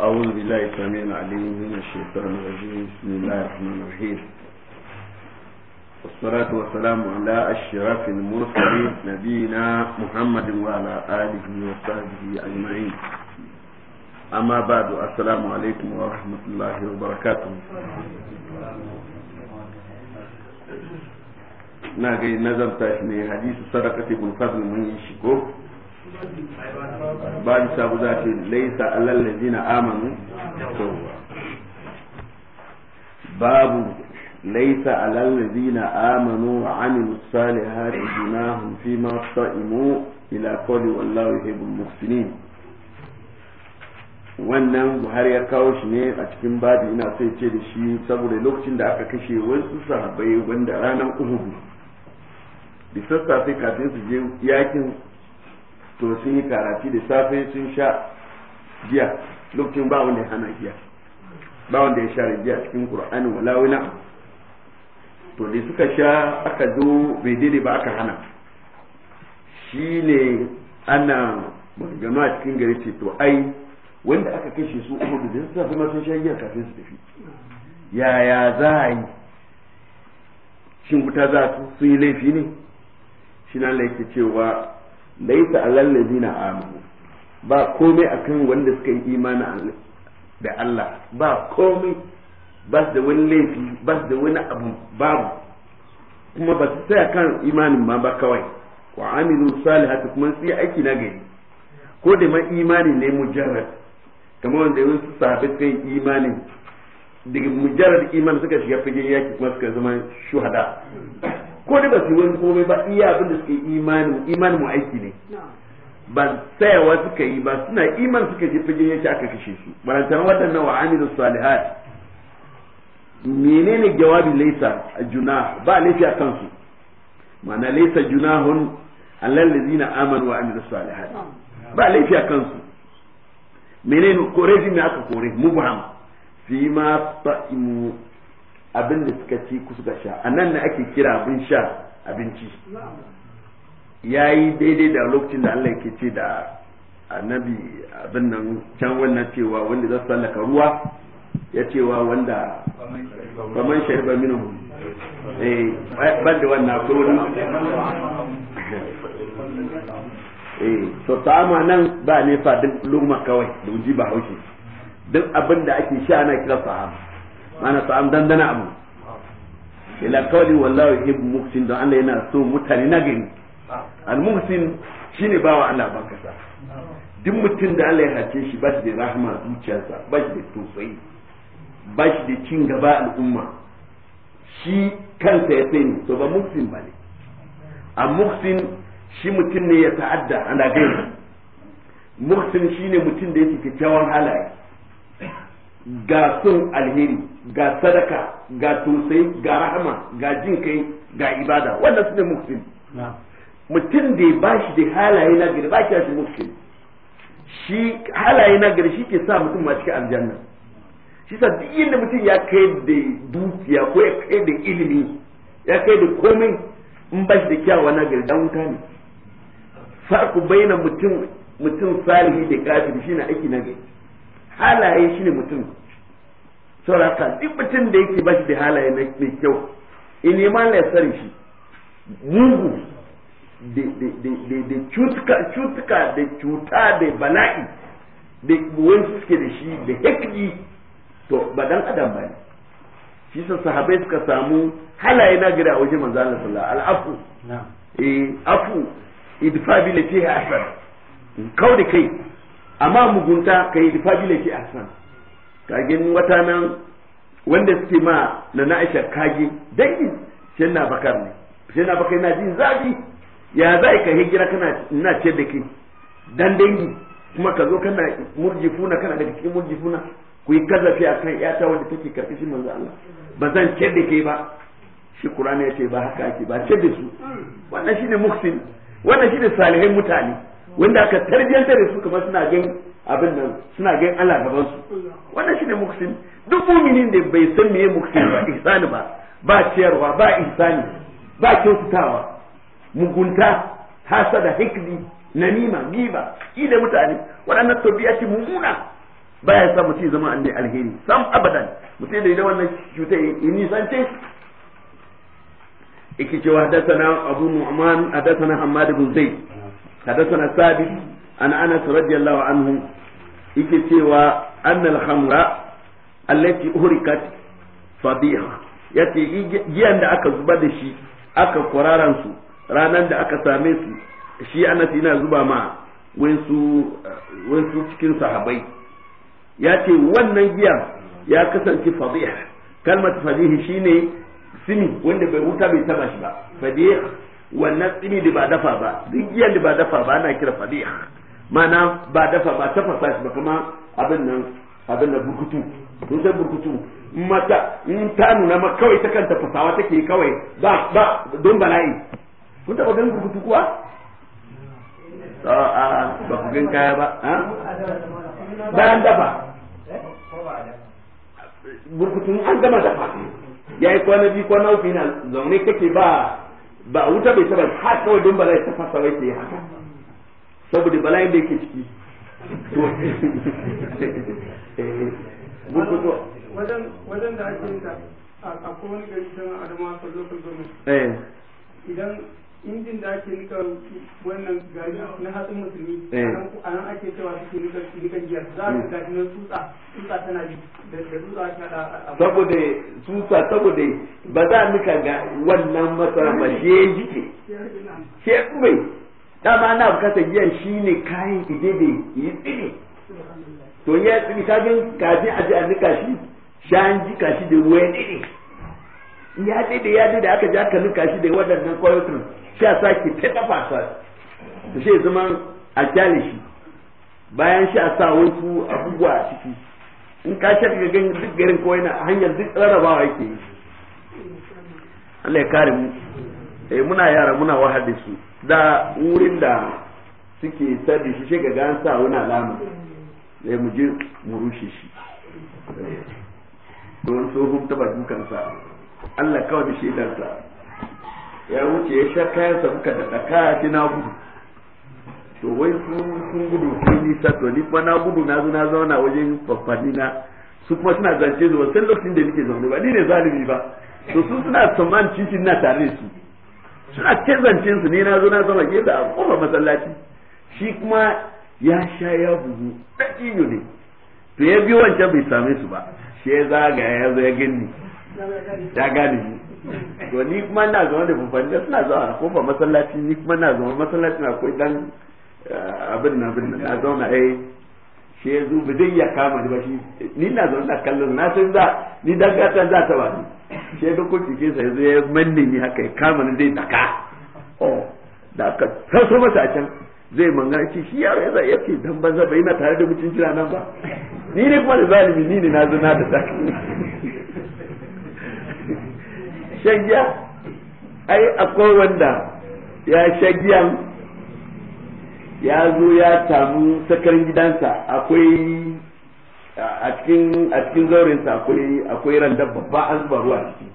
أعوذ بالله السميع العليم من الشيطان الرجيم بسم الله الرحمن الرحيم والصلاة والسلام على أشرف المرسلين نبينا محمد وعلى آله وصحبه أجمعين أما بعد السلام عليكم ورحمة الله وبركاته na gai nazarta حديث صدقة ابن فضل من fadl ba da sabu za laisa alal ladina amanu babu laisa alal ladina amanu amilu salihati junahum fi ma sa'imu ila qawli wallahu yuhibbul muhsinin wannan buhari ya kawo shi ne a cikin babi ina sai ce da shi saboda lokacin da aka kashe wasu sahabbai wanda ranar uhudu da sai kafin su je yakin to sun yi karatu da safe sun sha giya lokacin ba wanda ya hana giya ba wanda ya share giya cikin qur'ani wala wala to da suka sha aka zo bai daidai ba aka hana shi ne ana jama'a cikin gari ce to ai wanda aka kashe su uku da su ma sun sha giya kafin su tafi yaya za a yi shin wuta za su sun yi laifi ne shi na laifi cewa laisa alal ladina amanu ba komai akan wanda suka yi imani da Allah ba komai ba da wani laifi ba da wani abu babu kuma ba su tsaya kan imanin ma ba kawai wa amilu salihati kuma su yi aiki na gari ko da ma imani ne mujarrad kamar wanda wasu sahabbai suka yi imani daga mujarrad iman suka shiga fagen yaki kuma suka zama shuhada ko da ba su wani komai ba iya abin da suke imanin imanin mu aiki ne ba tsayawa suka yi ba suna iman suka ji fage yace aka kashe su barantar waɗannan wa amilu salihat menene jawabi laisa junah ba laifi a kansu ma'ana laisa junahun allal ladina amanu wa amilu salihat ba laifi a kansu menene kore shi me aka kore mubham fi ma ta'imu abin da suka ci kusa suka sha a nan ne ake kira abin sha abinci ya yi daidai da lokacin da Allah yake ce da annabi abin nan can wannan cewa wanda za su sallaka ruwa ya cewa wanda baman shariba minu eh ban da wannan kuruni eh so ta'ama nan ba ne fa duk luma kawai da ji ba haushi duk abin da ake sha ana kira sahaba ana ta am dandana abu ila kawai wallahu yuhibbu muhsin don Allah yana so mutane na gani al muhsin shine bawa Allah bankasa duk mutum da Allah ya hace shi ba shi da rahama zuciyarsa ba shi da tausayi ba shi da cin gaba al'umma shi kansa ya sani to ba muhsin ba ne a muhsin shi mutum ne ya ta'adda ana gani muhsin shine mutum da yake kyakkyawan halaye ga sun alheri ga sadaka ga tursai ga rahama ga jin kai ga ibada wannan su ne muksin mutum da ba shi da halaye na gari ba shi shi muksin shi halaye na gari shi ke sa mutum ma cikin aljanna shi sa duk inda mutum ya kai da dukiya ko ya kai da ilimi ya kai da komai in ba shi da kyawa na gari dan wuta ne farko bayyana mutum mutum salihi da kafiri na aiki na gari halaye shi ne mutum sauraka duk mutum da yake bashi da halaye na kyau in mana ya sani shi mugu da cutuka da cuta da bala'i da wani suke da shi da hekji to ba dan adam ba ne shi sa sahabai suka samu halaye na gida a wajen manzan Allah al'afu eh afu idfa bi lati hasan kau da kai amma mugunta ka yi fadila ki ahsan kagin wata nan wanda suke ma na na'isha kage dangi sai na bakar ne sai na bakar na jin zafi ya za ka hijira kana na ce da ke dan dangi kuma ka zo kana murjifuna kana daga cikin murjifuna ku yi kazafi a kan yata wanda take karkashin manzo Allah ba zan ce da ke ba shi Qur'ani ya ce ba haka ake ba ce da su hmm. wannan shine muhsin wannan shine salihin mutane wanda aka tarbiyantar da su kamar suna gan abin nan suna gan Allah gaban su wannan shine muksin duk muminin da bai san meye muksin ba ihsani ba ba ciyarwa ba ihsani ba kyautatawa mugunta hasada hikdi nanima giba ki da mutane waɗannan tabiya ce mummuna baya sa mutum zama an alheri sam abadan mutum da idan wannan cuta ya nisance yake cewa na abu nu'man na hammad bin zaid حدثنا ثابت عن انس رضي الله عنه yake cewa annal hamra allati uhrikat fadiha yace giyan da aka zuba da shi aka kwararan su ranan da aka same su shi ana yana zuba ma wensu wensu cikin sahabai yace wannan giyan ya kasance fadiha kalmar fadihi shine sini wanda bai wuta bai taba shi ba fadiha wannan tsini da ba dafa ba duk giyan da ba dafa ba ana kira fadiya mana ba dafa ba tafasa shi ba kuma abin nan abin nan burkutu to sai burkutu mata in ta nuna ma kawai ta kan tafasawa take kawai ba ba don bala'i kun taɓa ganin burkutu kuwa a ah, ah, ba ku gan kaya ba ah? bayan dafa burkutu an gama dafa ya yi kwana biyu kwana uku yana zaune kake ba ba a wuta bai taba har kawai don bala'i ta fasa wai ta yi haka saboda bala'in da yake ciki eh, wajen da ake yi ta akwai gari don adama lokacin idan injin da ake nika wannan gari na hatsin musulmi eh. a nan ake cewa suke nika nika giyar za a ga hmm. na tsutsa tsutsa tana bi da tsutsa ta da saboda tsutsa saboda ba za a nika ga wannan masara ba je jike she mai dama ana bukatar giyan shine kayan idede yi tsini to ya tsini kafin kafin a je a nika shi shan jika shi da wani tsini ya dade ya dade aka ja ka nika shi da waɗannan kwayotin sai a sake ta dafa ta shi zama a kyale shi bayan shi a sa wasu abubuwa a ciki in ka shafi ga ganin duk garin kawai na hanyar duk rarrabawa yake yi Allah ya kare mu eh, muna yara muna wahar da su da wurin da suke sadi shi sai ga an sa wani alama da eh, mu je mu rushe shi eh, don tsohon taba dukansa Allah kawai da shaidarsa ya wuce ya sha kayan sa muka da kaya shi na gudu to wai sun gudu sun nisa to ni kuma na gudu na zo na zauna wajen fafani na su kuma suna zance zuwa sai lokacin da nike zaune ba ni ne zalimi ba to su suna tsammanin cikin na tare su suna ke zancen su ne na zo na zauna ke da kuma masallaci shi kuma ya sha ya bugu dakiyo ne to ya bi wancan bai same su ba shi ya zagaya ya zo ya gani ya gani to ni kuma ina zama da da suna zama ko ba masallaci ni kuma ina zama masallaci na koyi dan eh, abin na abin na zauna eh shi ya zo ba zai iya kama ni ba shi ni ina zama na kallon na san za ni dan gatan za ta wani shi ya ko cike sa yazo ya manne ni haka ya kama ni zai daka o oh, da aka so masa a can zai manga ce shi yaro ya ya ce dan banza bai na tare da mutunci nan ba ni ne kuma da zalimi ni ne na zo na da daka shan ai akwai wanda ya sha ya zo ya tamu sakar gidansa akwai a cikin a cikin zaurinsa akwai akwai randa babba an zuba ruwa a ciki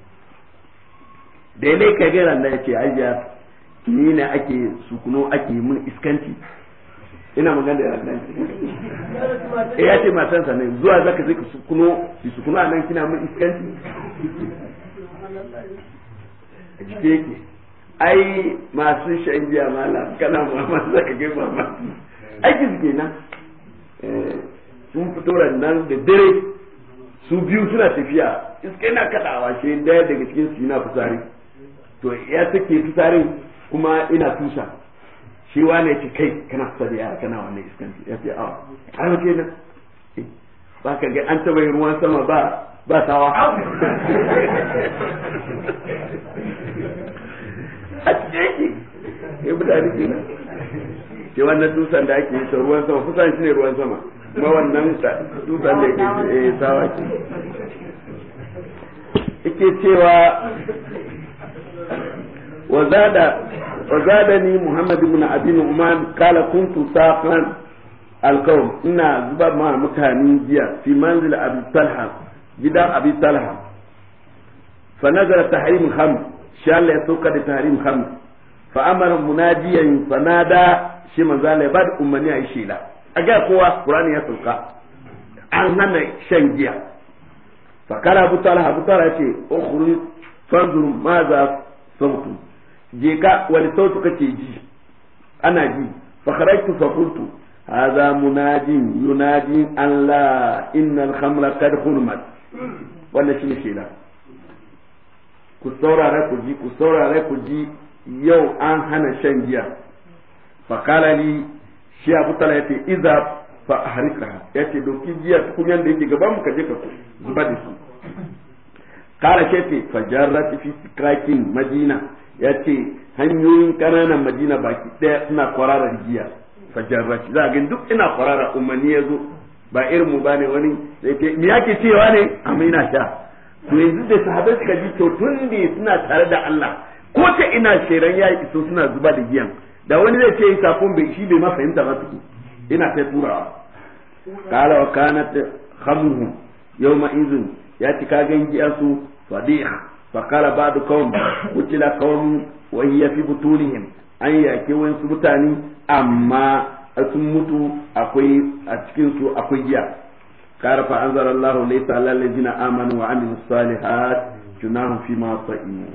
da ya kai ga randa ya ce ajiya ni ne ake sukuno ake mun iskanci ina magana da randa eh ya ce matansa ne zuwa zaka je ka sukuno su sukuno a nan kina mun iskanci a cike yake ai masu shan giya mala kana ma ma za ka ga ma aiki suke nan eh, sun fito nan da dare su biyu suna tafiya iska yana kaɗawa shi daya daga cikin su yana fusari to ya take fusarin kuma ina tusa shi wane ci kai kana fusa da yara kana wannan iskan ya fi awa har ke nan eh, ba ka ga an taba yi ruwan sama ba ba sawa a cikin ya mutane ke nan ce wannan tusan da ake yi ruwan sama kusan shi ne ruwan sama kuma wannan tusan da ke eh, sawa ke yake cewa wazada wazada ni muhammad ibn abi nu'man kala kuntu saqan alqawm ina zuba ma mutane jiya fi manzil abu talha gidan abi talha fa nazara tahrim kham shi Allah ya sauka da tahrim kham fa amara munadiyan fanada shi manzo ya ummani a shila a kowa qur'ani ya sauka an hana shan giya fa kala abu talha abu wani sautu kake ji ana ji fa kharajtu fa qultu هذا مناد ينادي أن لا إن الخمر قد wannan shine kenan ku saurara ku ji ku saurara ku ji yau an hana shan giya fakala ni shi abu tala yace iza fa ahrika yace doki giya kunyan da yake gaban mu ka je ka zuba da su kara ce ce fajarrat fi sikrakin madina yace hanyoyin kananan madina baki daya suna kwararar giya fajarrat za ga duk ina kwarara umarni ya zo ba irin mu bane wani zai ce me yake cewa ne amina sha to yanzu da sahabbai suka ji to tun da suna tare da Allah ko ta ina sheran ya iso suna zuba da giyan da wani zai ce safon bai shi bai ma fahimta ba su ina kai turawa kala wa kanat khamru yawma izin ya ci ka giyan su fadiha fa kala ba'du qawm kutila qawm wa hiya fi butunihim an yake wani mutane amma sun mutu akwai a cikin su akwai giya kara fa anzar Allahu laysa alal ladina amanu wa amilu salihat junahum fi ma sa'imu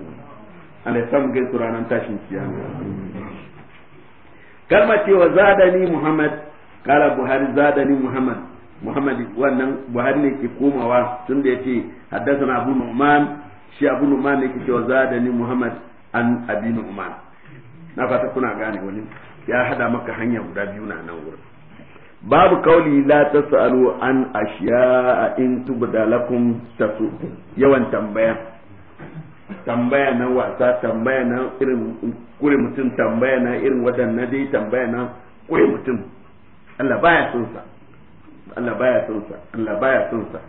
an sam gai ranar tashin kiyama kalma cewa zadani Muhammad kala Buhari zadani Muhammad Muhammad wannan Buhari ne ke komawa tun da yace na Abu Nu'man shi Abu Nu'man ne ke cewa zadani Muhammad an Abi Nu'man na fata kuna gane wani ya hada maka hanya guda biyu na nan wurin babu kauli la tasalu an ashiya in tubda lakum tasu yawan tambaya tambaya na wasa tambaya na irin kure mutum tambaya na irin waɗannan dai tambaya na kure mutum Allah baya son sa Allah baya son sa Allah baya son sa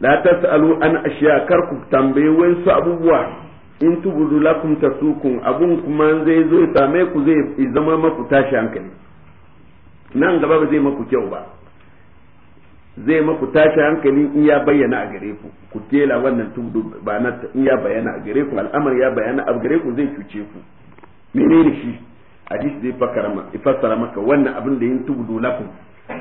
la tasalu an ashiya kar ku tambaye wasu abubuwa in tubudu lakum tasukun abun kuma zai zo ya same ku zai zama maku tashi hankali nan gaba ba zai maku kyau ba zai maku tashi hankali in ya bayyana a gare ku ku tela wannan tubudu ba na in ya bayyana a gare ku al'amar ya bayyana a gare ku zai cuce ku menene shi hadisi zai ifassara maka wannan abin da yin tubudu lakum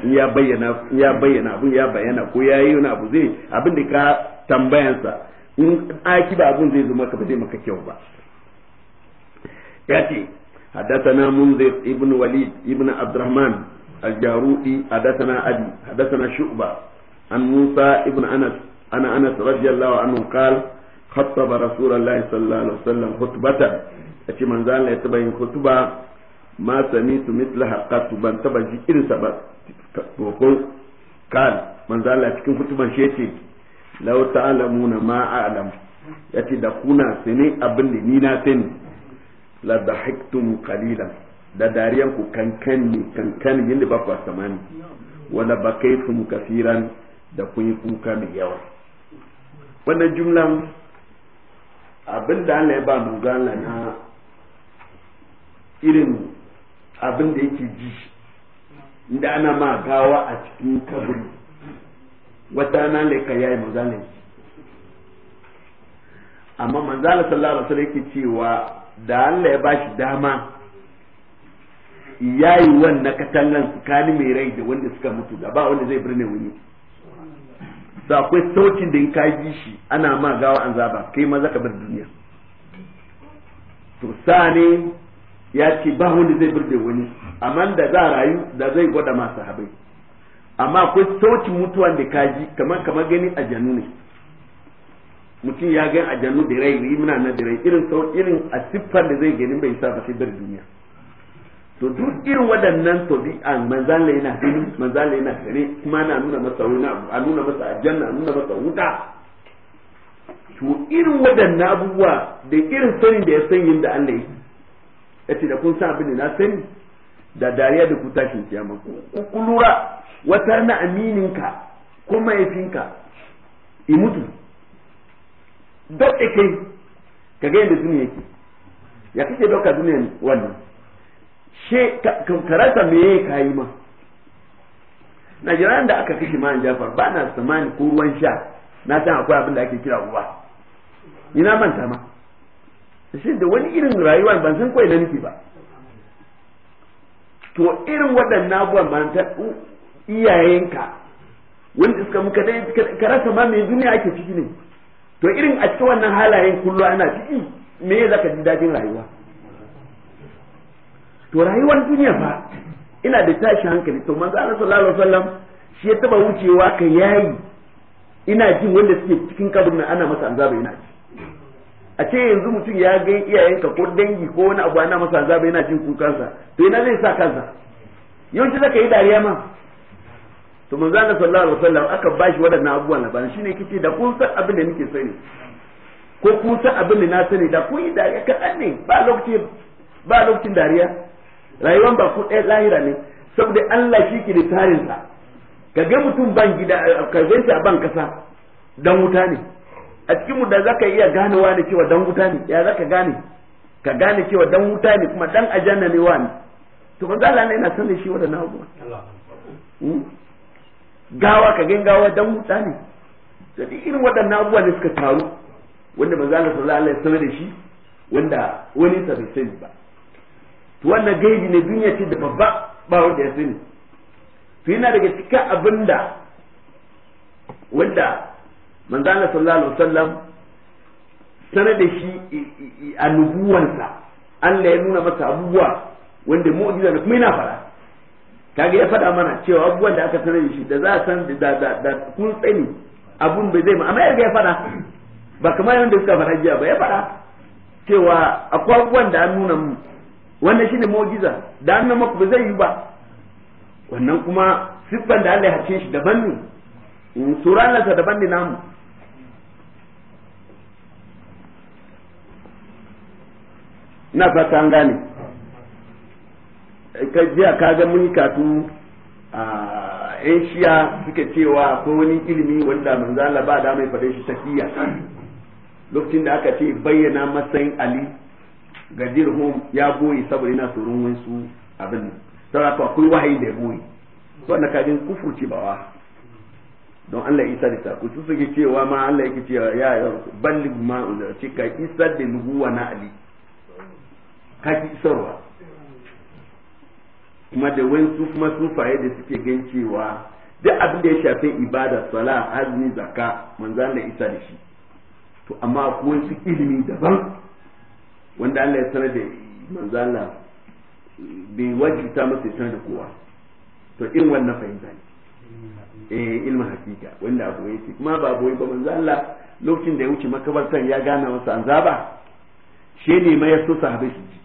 in ya bayyana ya bayyana abun ya bayyana ko ya yi wani abu zai abin da ka tambayansa in aki ba abun zai zo maka ba zai maka kyau ba yace حدثنا منذر ابن وليد ابن عبد الرحمن الجارودي حدثنا أبي حدثنا شعبة عن موسى ابن أنس أنا أنس رضي الله عنه قال خطب رسول الله صلى الله عليه وسلم من يتبين ما سميت مثلها قط تبجي قال من شيتي law ta'lamuna ma a'lam yace da kuna sani abin da ni na sani la dahiktum qalilan da dariyan ku kankan ne kankan yinda ba ku samani wala bakaytum kaseeran da kun yi kuka mai yawa wannan jumlan abin da Allah ya ba mu gana na irin abin da yake ji inda ana ma gawa a cikin kaburi wata na leka ya yayi manzalin amma manzala sallallahu alaihi wasallam yake cewa da Allah ya bashi dama yayi wannan katangan tsakanin mai rai da wanda suka mutu da ba wanda zai birne wuni da akwai sautin da in ka ji shi ana ma gawa an zaba kai ma zaka bar duniya to sani ya ce ba wanda zai birne wani amma da za rayu da zai gwada ma sahabai amma akwai sauci mutuwan da kaji kamar kamar gani a janu ne mutum ya gani a janu da rai muna na da rai irin sau irin a siffar da zai gani bai sa ba sai bar duniya to duk irin waɗannan tabi'an manzala yana gani manzala yana gani kuma na nuna masa wani abu a nuna masa aljanna a nuna masa wuta to irin waɗannan abubuwa da irin sanin da ya san yin da Allah ya yace da kun san abin da na sani da dariya da kuta tashin kiyama ku lura watar na amininka ko mahaifinka i mutu daɗe kai ka ga yadda duniya yake ya kake ɗauka duniya wannan she karata me ya yi ma najeriya da aka kashe man jafar ba na samani ko ruwan sha na san akwai abin da ake kira ruwa ina manta ma shi da wani irin rayuwa ban san kawai na nake ba to irin waɗannan abubuwan ba iyayenka wanda suka muka dai ka rasa ma mai duniya ake ciki ne to irin a cikin wannan halayen kullu ana ciki me ya zaka ji dadin rayuwa to rayuwar duniya fa ina da tashi hankali to manzo Allah sallallahu alaihi wasallam shi ya taba wucewa ka yayi ina jin wanda suke cikin kabarin ana masa azaba ina ji a ce yanzu mutum ya ga iyayenka ko dangi ko wani abu ana masa azaba ina jin kukansa to ina zai sa kansa yawanci zaka yi dariya ma to manzo Allah sallallahu alaihi wasallam aka bashi wadannan abubuwan labarin shine kike da kun san abin da nake sani ko kun san abin da na sani da kun yi dariya kaɗan ne ba lokaci ba lokacin dariya rayuwar ba ku ɗaya lahira ne saboda Allah shi ke da tarin sa ka ga mutum ban gida ka ga shi a ban kasa dan wuta ne a cikin mu da zaka iya ganewa da cewa dan wuta ne ya zaka gane ka gane cewa dan wuta ne kuma dan ajanna ne wani to manzo Allah ne yana sanin shi wadannan abubuwan hmm? gawa ka gan gawa dan wuta ne sai irin waɗannan abubuwa da suka taru wanda manzo Allah sallallahu alaihi wasallam da shi wanda wani sa bai sani ba to wannan gaibi ne duniya ce da babba ba wanda ya sani to yana daga cikin abinda wanda manzo Allah sallallahu alaihi wasallam sanar da shi a nubuwansa Allah ya nuna masa abubuwa wanda mu'jiza ne kuma yana fara kaga ya faɗa mana cewa abubuwan da aka sanar shi da za a san da da da kun tsani abun bai zai ma amma ya faɗa ba kamar yadda suka faɗa jiya ba ya faɗa cewa akwai abubuwan da an nuna mu wannan shine mu'jiza da an nuna muku ba zai yi ba wannan kuma siffan da Allah ya hace shi daban ne mm, suran nasa daban ne namu na fata an gane jiya ka mun yi katu a yan shiya suke cewa ko wani ilimi wanda manzala ba da mai fadai shi tafiya lokacin da aka ce bayyana matsayin ali ga dirhum ya goyi saboda yana tsoron wasu abin nan saboda akwai wahayi da ya goyi wanda kajin kufurci bawa don Allah isa da sako su suke cewa ma Allah yake cewa ya ya ballig ma unzar isa da nubuwa na ali ka ki isarwa kuma da wasu kuma sufaye da suke gan cewa duk abin da ya shafi ibada sala azumi zaka manzan da isa da shi to amma akwai su ilimi daban wanda Allah ya sanar da manzan Allah bai wajibta masa ya sanar da kowa to in wannan fahimta ne eh ilmin hakika wanda abu yake kuma ba boye ba manzan Allah lokacin da ya wuce makabartan ya gana wasu anzaba shi ne ma ya so sahabai su ji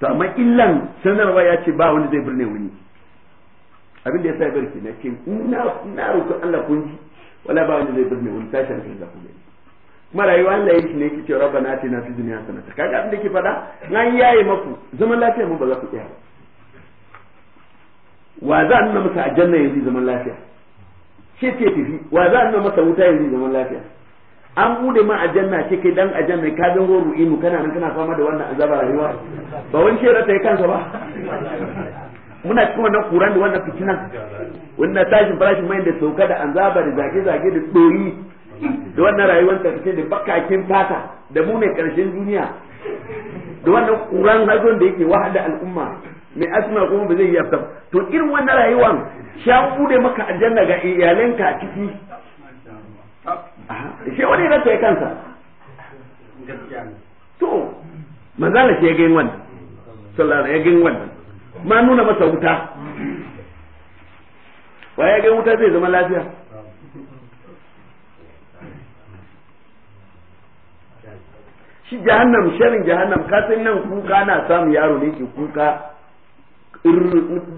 to amma illan sanarwa ya ce ba wani zai birne wani abin da ya sai barki na ce na na roƙi Allah kun ji wala ba wani zai birne wani tashi hankali da kuma kuma rayuwa Allah ya shi ne yake cewa rabbana atina fid dunya hasanatan kaga abin da ke fada nan yaye maku zaman lafiya mun ba za ku tsaya wa za a nuna masa aljanna yanzu zaman lafiya ce ce tafi wa za a nuna masa wuta yanzu zaman lafiya an bude ma a janna ce kai dan janna ka zan ruwa ru'inu kana nan kana fama da wannan azaba rayuwa ba wani shi rata yi kansa ba muna cikin wannan kuran da wannan fitina wannan tashin farashin mai da sauka da anzaba da zage-zage da tsoyi da wannan rayuwar ta fice da bakakin fata da mu ne karshen duniya da wannan kuran hazon da yake wahada al'umma mai asma kuma ba zai yi to irin wannan rayuwar sha bude maka aljanna ga iyalanka a ciki shi wani na ta kansa to manzala shi ya gani wannan sallallahu ya gani wannan ma nuna masa wuta wa ya gani wuta zai zama lafiya shi jahannam sharin jahannam ka san nan kuka na samu yaro ne ke kuka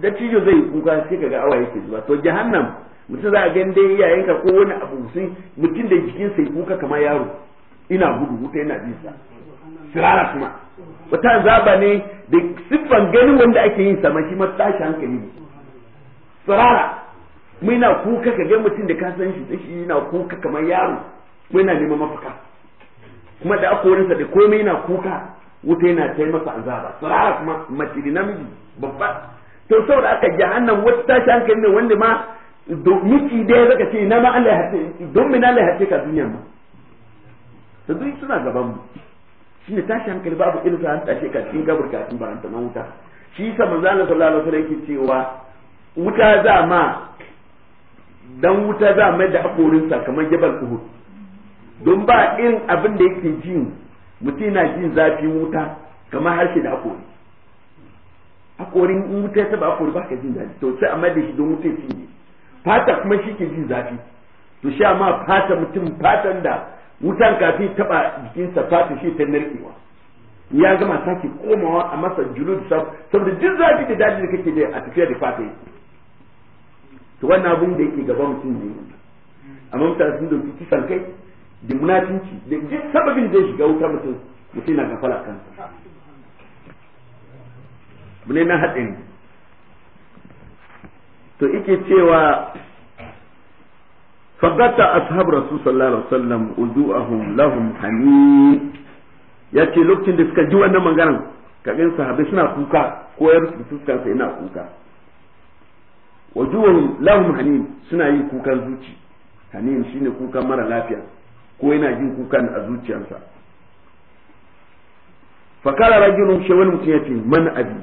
da cijo zai kuka sai kaga awa yake zuwa to jahannam mutum za a ga dai iyayen ka ko wani abu sun mutum da jikin sai kuka kamar yaro ina gudu wuta yana bin sa sirara kuma wata zaba ne da siffan ganin wanda ake yin sama shi matashi hankali ne sirara mu na kuka ka gani mutum da ka san shi shi yana kuka kamar yaro mu na neman mafaka kuma da sa da komai yana kuka wuta yana taimaka a zaba sirara kuma mace da namiji babba to saboda aka jahannam wata tashi hankali ne wanda ma miki dai zaka ce ina ma Allah ya hace don me Allah ya hace ka duniya ma to duk suna gaban mu shine tashi hankali babu irin sa an tashi ka cikin gabar ka cikin baranta na wuta shi sa manzo Allah sallallahu alaihi wasallam yake cewa wuta za ma dan wuta za mai da hakorin sa kamar jabal uhud don ba irin abin da yake jin mutum na jin zafin wuta kamar harshe da hakori hakorin wuta ya ba hakori ba ka jin zafi to sai amma da shi don wuta ya cinye fata kuma shi ke jin zafi to sha ma fata mutum fatan da wutan kafin taba jikinsa fata shi ta narkewa ya gama sake komawa a masa julud saboda jin zafi da dadi da kake da a tafiya da fata yake to wannan abun da yake gaba mutum ne amma mutane sun dauki kisan kai da munafinci da duk sababin da ya shiga wuta mutum mutum na gafala kansa. Bune na haɗin to ike cewa faqata ashab rasul sallallahu alaihi wasallam wudu'ahum lahum hani yace lokacin da suka ji wannan maganar kabin sahabbai suna kuka koyar su fuskar sai ina kuka wudu'ahum lahum hani suna yin kukan zuci hani shine kukan mara lafiya ko yana jin kukan a zuciyarsa fakara rajulun shawalun mutum yace man abi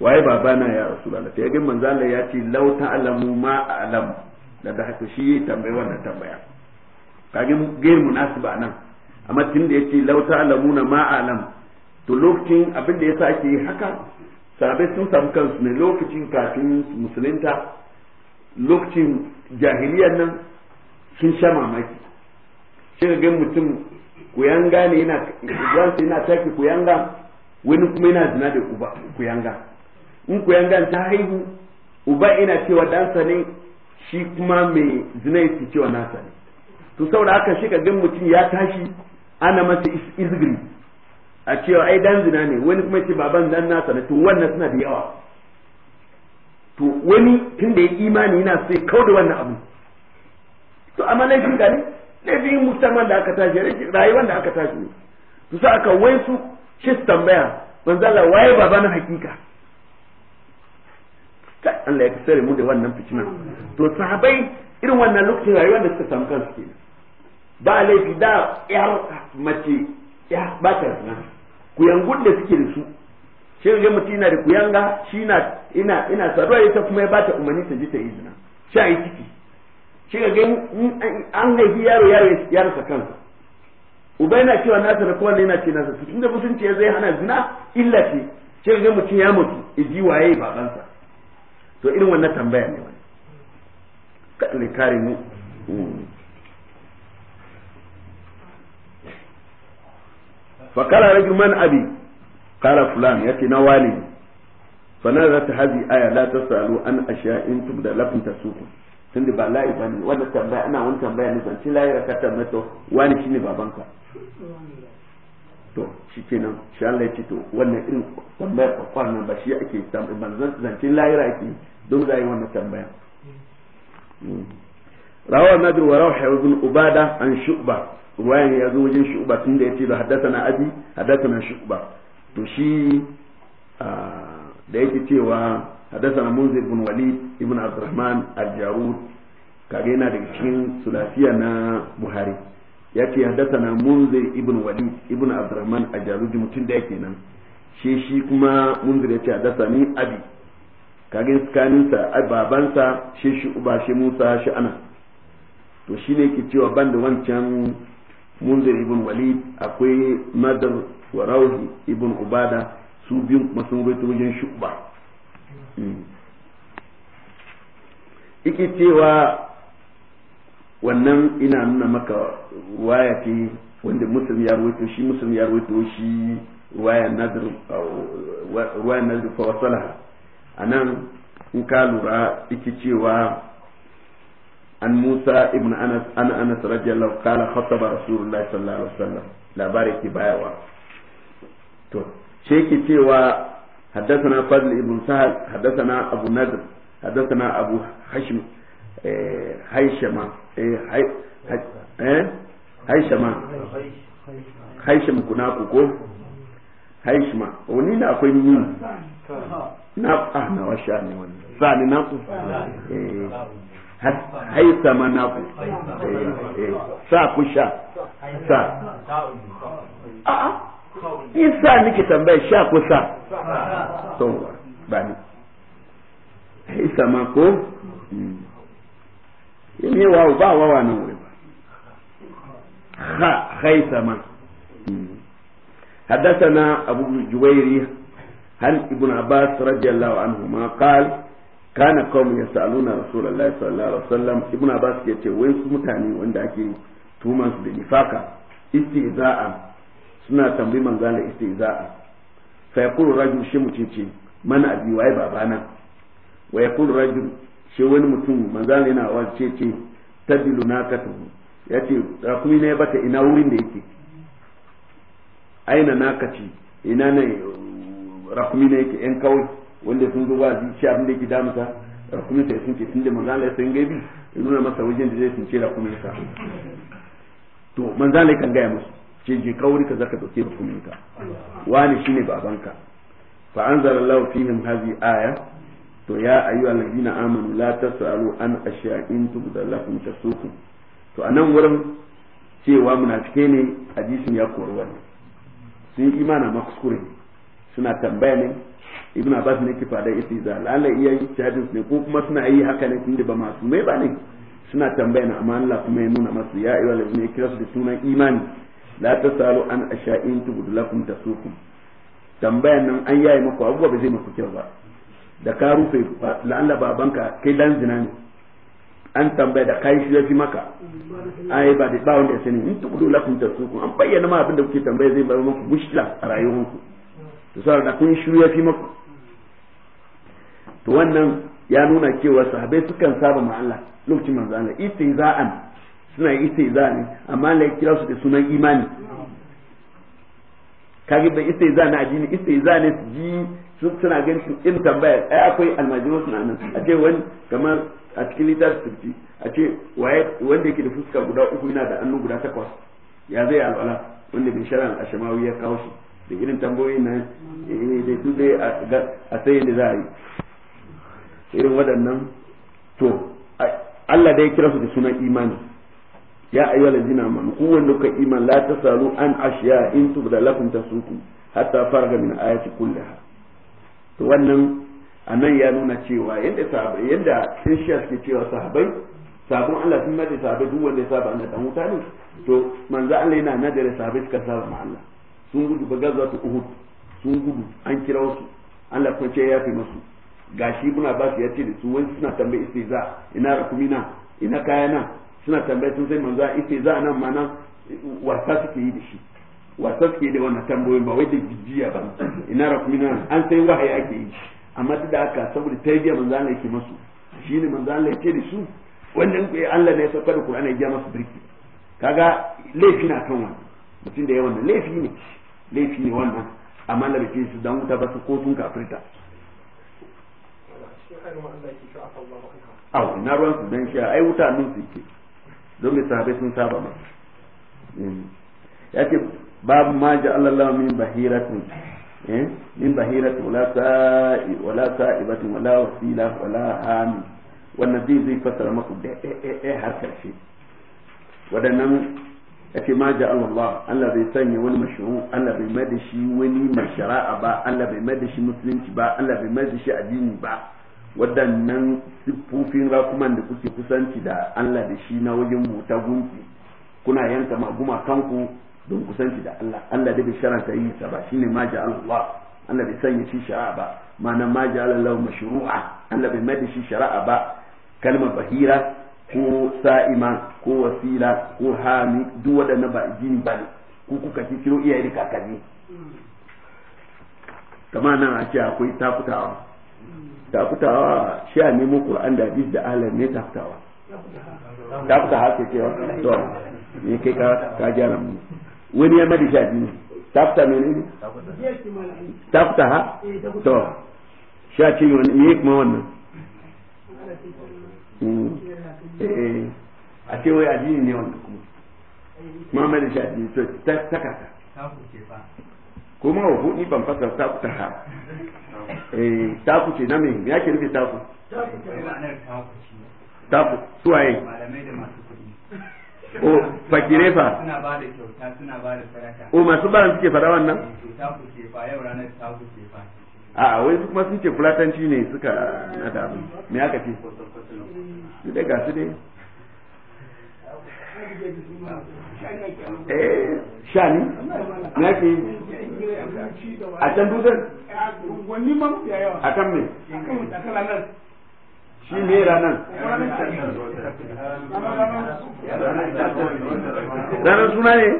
waye babana ya rasulullah sai ga manzo Allah ya ce law ta'lamu ma a'lam da da haka shi tambaye wannan tambaya kage gair munasiba nan amma tun da yace law ta'lamuna ma a'lam to lokacin abin da yasa ake haka sabai sun samu kansu ne lokacin kafin musulunta lokacin jahiliyar nan sun sha mamaki shi ga mutum kuyanga ne yana yana take kuyanga wani kuma yana zina da kuyanga in ku yanga ta haihu uba ina cewa dansa ne shi kuma mai zinai su cewa nasa ne to saboda haka shi ga mutum ya tashi ana masa izgiri a cewa ai dan zina ne wani kuma ce baban dan nasa ne to wannan suna da yawa to wani tunda ya imani yana sai kau da wannan abu to amma laifin gani ne laifin musamman da aka tashi rayuwar da aka tashi ne to sai aka wai su shi tambaya manzala waye baba na hakika kai Allah ya kasare mu da wannan fitina to sahabbai irin wannan lokacin rayuwa da suka samu kansu ke ba laifi da yar mace ya ba ta rana kuyangun da suke da su shi ga mutum yana da kuyanga shi na ina ina saduwa ita kuma ya ba ta umarni ta ji ta izina a yi ciki shi ga an haifi yaro yaro ya rasa kansa uba yana cewa nasa da kowanne yana ce nasa da mutunci ya zai hana zina illa ce shi ga mutum ya mutu iji waye babansa to irin wannan tambaya ne wani kaɗa kare mu fakara rajul man abi kala fulan yake na wali ta hadhihi aya la salu an asha in tubda su tun da ba la'i ne wannan tambaya ana wani tambaya ne zance la'i ka tambaya to wani shine babanka to shi kenan shi Allah ya ce to wannan irin tambayar kwakwar nan ba shi ake manzan zancen layira ake don za a yi wannan tambaya hmm. rawar nadir wa rawa hayyazun ubada an shuɓa ruwayan ya zo wajen shuɓa tun da ya ce da na abi na shuɓa to shi ah, da yake cewa haddasa na munzir bin wali ibn abdurrahman al-jarud kage yana daga cikin sulafiya na buhari ya ce haddasana munzir ibn walid ibn abdurrahman a jaruji mutum da yake nan shi shi kuma munzir ya ce ni abi kagin tsakaninsa babansa shi shi uba shi musa shi ana to shi ne ke cewa ban da wancan munzir ibn walid akwai madar wa rauhi ibn ubada su biyun kuma sun rubuta wajen shi uba ike hmm. cewa wannan ina nuna maka ruwaya ce wanda musulmi ya rawaito shi musulmi ya rawaito shi ruwaya nazar ruwaya nazar fa wasalaha anan in ka lura yake cewa an Musa ibn Anas an Anas radiyallahu kala khataba Rasulullahi sallallahu alaihi wasallam labarai ke bayawa to shi ke cewa حدثنا فضل ابن سهل حدثنا أبو نذر حدثنا أبو حشم هيشمة Eh, haishama eh, haisham kunaku ko haishma wani na akwai ni na ah na washa ne wani sani na ku eh, na ku sa ku sha sa a'a isa tambaya sha sa ba ko hmm. i yi wa ba wa nan wuli ba. haisama. hadassana abubuwayi r. hari da ibn abbas radiyallahu anhu ma. kare. kane kawun ya sa al-una r. rasulillah abbas ke ce waɗansu mutane wanda ake tuhumar su da nifaka faka. suna tambayi magana da istik'a za'a. fayarkul rajim. shimcinci mana ajiye. waye babana fayarkul rajim. shi wani mutum manzan yana wa ce ce tadilu na katu ya ce rakumi ne bata ina wurin da yake aina na kaci ina ne rakumi ne yake yan kawai wanda sun zo wazi shi abin da yake damusa rakumi sai sun ce tun da manzan ya san gaibi ya nuna masa wajen da zai sun ce rakumin ka to manzan ya kan gaya musu ce je kawuri ka zaka dauke rakumin ka wani shine babanka fa anzalallahu fihim hadhihi aya to ya ayu alladina amanu la tasalu an ashiya in tubda lakum tasuku to anan wurin cewa munafike ne hadisin ya kori wani sun yi imana makuskure suna tambaya ne ibn abbas ne ke fada za lalai iya yi charges ne ko kuma suna yi haka ne tunda ba masu mai ba ne suna tambaya na amma Allah kuma ya nuna masu ya ayu alladina kira su da sunan imani la tasalu an ashiya in tubda lakum tasuku tambayan nan an yayi maku abubuwa ba zai maku kyau ba da ka rufe la'alla babanka kai dan zina ne an tambaya da kai shi yafi maka ai ba da ba wanda ya sani in tukudu lakum tasukun an bayyana ma abin da kuke tambaya zai bar muku mushkila a rayuwarku to sai da kun ya yafi maku to wannan ya nuna cewa sahabbai sukan saba ma Allah lokacin manzo Allah istiza'an suna istiza'an amma Allah kira su da sunan imani kage da istiza'an ajini istiza'an ji su suna ganin in tambaya ai akwai almajiru suna nan a ce wani kamar a cikin litar sirti a ce waye wanda yake da fuska guda uku yana da hannu guda takwas ya zai alwala wanda bin sharan ashamawi ya kawo shi da irin tambayoyi na eh, da duk dai a sayin da za a yi irin waɗannan to Allah dai kira su da sunan imani ya ayyuhal ladina ma ku wanda kuka iman la tasalu an ashiya in tubda lakum tasukum hatta farga min ayati kullaha to wannan anan ya nuna cewa yadda sahabai yadda kishiya suke cewa sahabai sabon Allah sun mace sahabai duk wanda ya saba Allah dan wuta ne to manzo Allah yana nadare sahabai suka saba ma Allah sun gudu ba ta Uhud sun gudu an kira su Allah kuma ce ya fi musu gashi ibn ba ya ce da su wani suna tambaye za ina rakumina ina kayana suna tambaye sun sai manzo za nan ma nan wasa suke yi da shi wasa suke da wannan tambayoyin ba wai da jijiya ba ina rakmina an sai wahayi ake yi amma duk da haka saboda tarbiyya manzo Allah yake masu shine manzo Allah yake da su wannan ku Allah ne ya saukar da Qur'ani ya ga masu birki kaga laifi na kan wannan mutum da ya wannan laifi ne laifi ne wannan amma Allah bai su dan wuta ba su ko sun kafirta aw na ruwan su dan sha ai wuta nun su yake don me sahabai sun saba ma eh. ya ce babu ma ja'ala Allah min bahiratin eh min bahiratin wala sa'i wala sa'ibatin wala wasila wala hami wannan zai zai fasara maku da eh har karshe wadannan yace ma ja'ala Allah Allah bai sanya wani mashru Allah bai mai da shi wani mashara'a ba Allah bai mai da shi musulunci ba Allah bai mai da shi addini ba waɗannan siffofin rakuman da kuke kusanci da Allah da shi na wajen mota gunki kuna yanka maguma gumakanku. don kusanci da Allah Allah da bi sharanta yi ta ba shine ma Allah Allah bai sanya shi shari'a ba ma'ana ma Allah mashru'a Allah bai mai shi shari'a ba kalmar bahira ko sa'ima ko wasila ko hami duk wadana ba jini ba ne ku kuka ci kiro iyaye da kakanni kamar nan a ce akwai takutawa takutawa shi a nemo qur'an da hadis da ahlan ne takutawa takuta har ke cewa to ne kai ka ka gyara mu wani ya madi sha biyu tafta mene ne tafta ha to sha ce wani yi kuma wannan hmm. eh, eh. a ce wai addini ne wannan kuma kuma sha biyu to ta kuma wa hudi ban fasa tafta ha eh, taku ce na me ya ke nufi taku taku suwaye malamai da masu o fakire fa suna ba da kyauta suna ba da sadaka o masu baran suke fara wannan eh, kyauta ku ce fa yau ranar ta ku ce fa a wai kuma sun ce fulatanci ne suka nada abin me aka ce su dai ga su dai eh shani na ke a can dutsen a kan me shi ne ranar ranar suna ne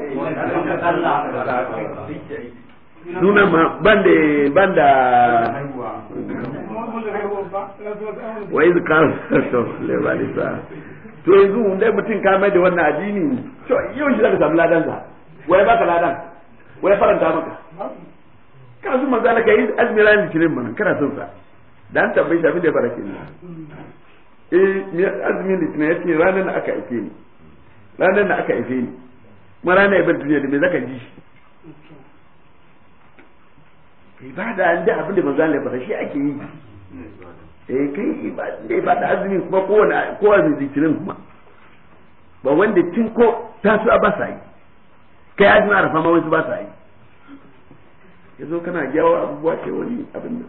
suna ma banda banda wa iz kan le balisa to yanzu wanda mutum ka mai da wannan ajini to yau shi zaka samu ladan sa wai baka ladan wai faranta maka kana su manzo Allah kai azmi ran cikin mana kana son sa dan tambayi shi da barake ne eh mi azumin litinin ya ce ranar da aka aike ni ranar da aka aike ni kuma ranar ya bar duniya da mai zaka ji ibada an da abin da manzo Allah ya fara shi ake yi eh kai ibada ibada azumi kuma kowane wani litinin kuma ba wanda tun ko ta su ba sa yi kai azumi arafa ma wasu ba sa yi yazo kana gyawa abubuwa ke wani abin nan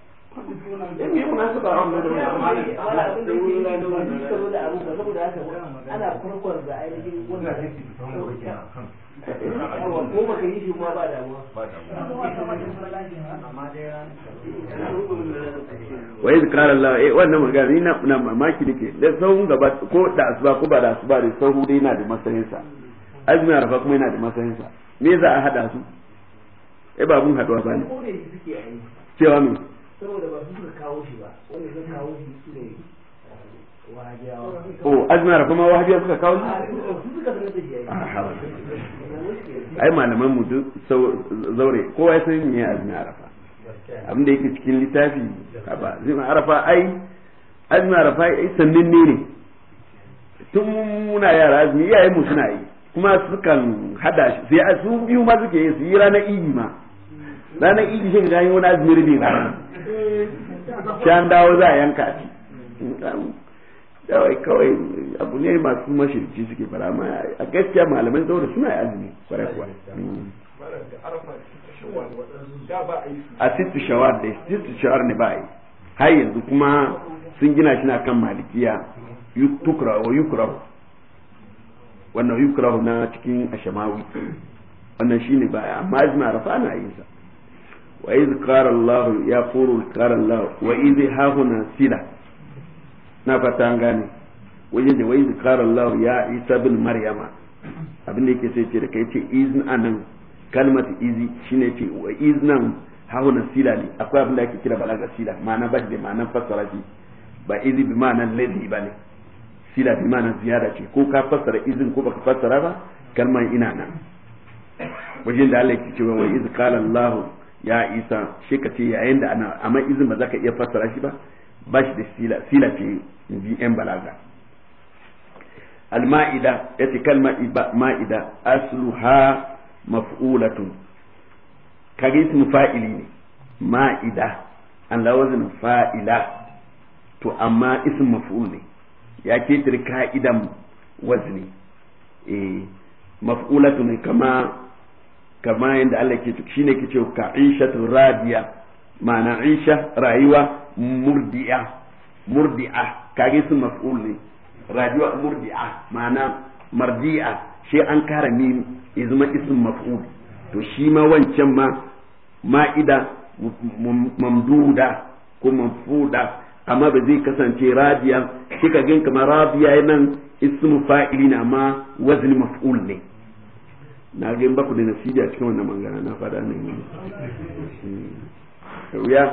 in yi munasaba a wannan da wani abin da yake yi da abu saboda haka ana da ainihin ko yi shi kuma ba damuwa wa iz eh wannan magana na mamaki dake da gaba ko da asuba ko ba da asuba da sahu dai yana da masayin sa arafa kuma yana da masayin me za a hada su eh ba mun haduwa ne cewa mai saboda ba su kawo shi ba wanda zai kawo shi su ne wahabiyawa oh azmara kuma wahabiya suka kawo shi su suka sanar da shi ai malaman mu duk zaure kowa ya san me azmi arafa abinda yake cikin littafi ba ma arafa ai azmi arafa ai sannin ne ne tun muna yara azmi iyayen mu suna yi kuma sukan hada shi sai su biyu ma suke yi su yi ranar iji ma ranar idi shi ga yi wani azumi rabi rana shan dawo za a yanka a ci kawai kawai abu ne masu mashirci suke fara ma a gaskiya malamai zaune suna yi azumi kwarai kuwa a sittu shawar da sittu shawar ne ba yi har yanzu kuma sun gina shi na kan malikiya tukra wa wannan yukrahu na cikin ashamawi wannan ne ba amma azumi rafa na yin sa wa iz qala Allah ya furu qala Allah wa iz hauna sila na fata gane wajen da wa iz qala Allah ya Isa bin Maryama abin da yake sai ce da kai ce izn anan kalmat izi shine ce wa iznan hauna sila ne akwai abin da ake kira balaga sila ma'ana ba da ma'anan fassara shi ba izi bi ma'anan ladhi ba ne sila bi ma'anan ziyara ce ko ka fassara izin ko baka fassara ba kalmar ina nan wajen da Allah yake cewa wa iz qala Allah ya isa shi ka ce yayin da ana amma izin ba za ka iya fassara shi ba ba shi da sila sila ce in ji yan balaga al-ma'ida yace kalma ma'ida asluha maf'ulatun ga ismu fa'ili ne ma'ida an lawazin fa'ila to amma ism maf'ul ne ya ketare ka'idan wazni eh maf'ulatun kama kama yadda Allah ke shine ke ce ka ishatu radiya ma'ana isha rayuwa murdi'a murdi'a kage su maf'ul ne rayuwa murdi'a ma'ana mardi'a shi an kara mim izma ism maf'ul to shi ma wancan ma ma'ida mamduda ko mamfuda amma ba zai kasance radiya shi ka gan kamar radiya nan ismu fa'ilina ma wazn maf'ul ne na ga in baku da nasija cikin wannan mangana na fada ne hmm. ya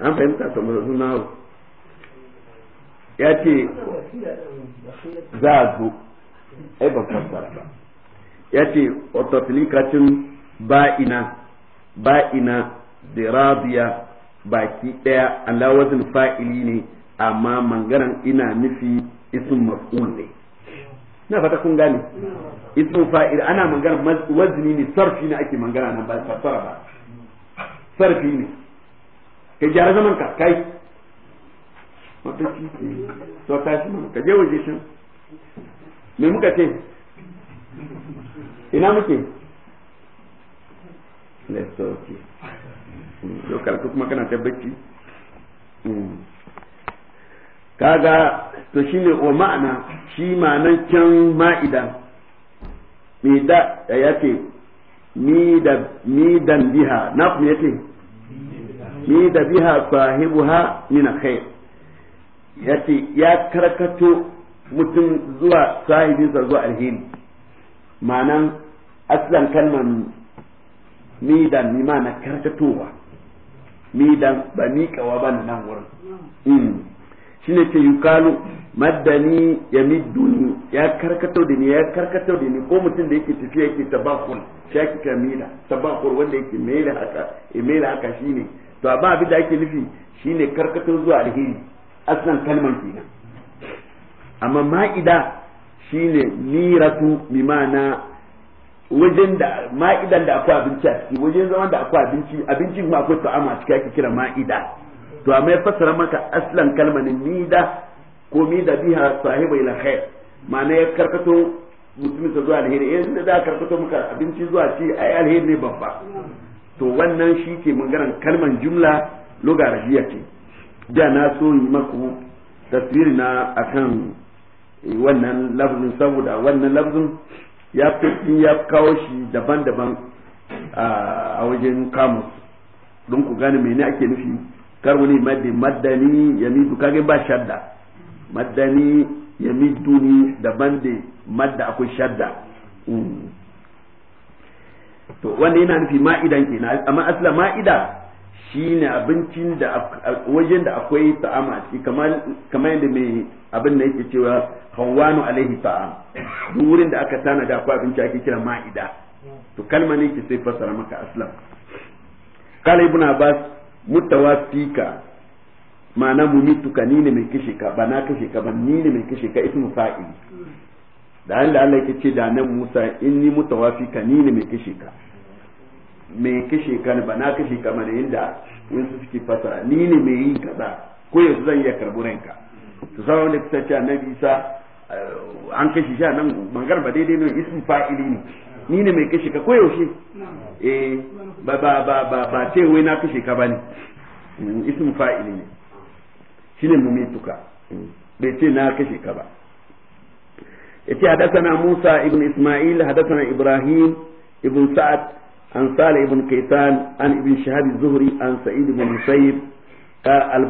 an fahimta ta mazazu na hau ya ce za a zo ai ba fassara ba ya ce otofilikacin ba'ina ba'ina da rabiya baki daya alawazin fa'ili ne amma mangaran ina nufi isin maf'ul ne na fata kun gane ismu fa'il ana magana wazni ne sarfi ne ake magana nan ba fassara ba sarfi ne kai gyara zaman ka kai wata ci to ka shi ka je waje shin me muka ce ina muke let's talk yau karatu kuma kana ta bacci hmm. kaga to shine o ma'ana shi ma'anan can ma'ida me da ya yace, ni da biha na kuma yace ni da biha sahibuha min khair yace ya karkato mutum zuwa sahibinsa zuwa alheri ma'anan aslan kalman ni da ni ma na karkatowa ni dan ba ni kawa na nan wurin hmm. shine ce yukalu maddani ya midduni ya karkato da ni ya karkato da ni ko mutum da yake tafiya yake tabakul shi yake kamila tabakul wanda yake mela haka e mela haka shine to ba abin da ake nufi shine karkato zuwa alheri asan kalman kenan amma ma'ida shine miratu mimana wajen da ma'idan da akwai abinci a ciki wajen zaman da akwai abinci abincin ma akwai ta'ama a ciki ake kira ma'ida to amma ya fassara maka aslan kalmanin nida ko mida biha sahibi ila khair ma'ana ya karkato mutumin sa zuwa alheri eh da za karkato maka abinci zuwa ci ai alheri ne babba to wannan shi ke maganar kalman jumla lugar rajiya ce da na so yi maku tasiri na akan wannan lafzin saboda wannan lafzin ya fi ya kawo shi daban-daban a wajen kamus don ku gane mene ake nufi kar maddi maddani ya midu kage ba shadda maddani ya midu ni daban da madda akwai shadda to wanda yana nufi ma'idan kenan amma asla ma'ida shine abincin da wajen da akwai ta'ama a kamar yadda mai abin da yake cewa hawanu alaihi ta'am wurin da aka tana da akwai abinci ake kira ma'ida to kalma ne ke sai fasara maka aslam qala ibn abbas mutawafika ma'ana mumituka ni ne mai kashe ka ba na kashe ka ba ni ne mai kashe ka ismu fa'il da Allah Allah yake ce da nan Musa inni mutawafika ni ne mai kashe ka mai kashe ka ba uh, na kashe ka mana yadda wasu suke fasara ni ne mai yi kaza ko yanzu zan iya karbi ranka to sai wanda ta ce annabi Isa an kashe shi nan bangar ba daidai ne ismu fa'ili ne ni ne mai kashe ka ko yaushe eh ba ba ba ba ba ce wai na kashe ka ne mm, ismu fa'ili ne shine mituka. Mm, bai ce na kashe ka ba yace hadathana Musa ibn Isma'il hadathana Ibrahim ibn Sa'ad an Salih ibn Kaitan an ibn Shahab az-Zuhri an Sa'id ibn Musayyib ka al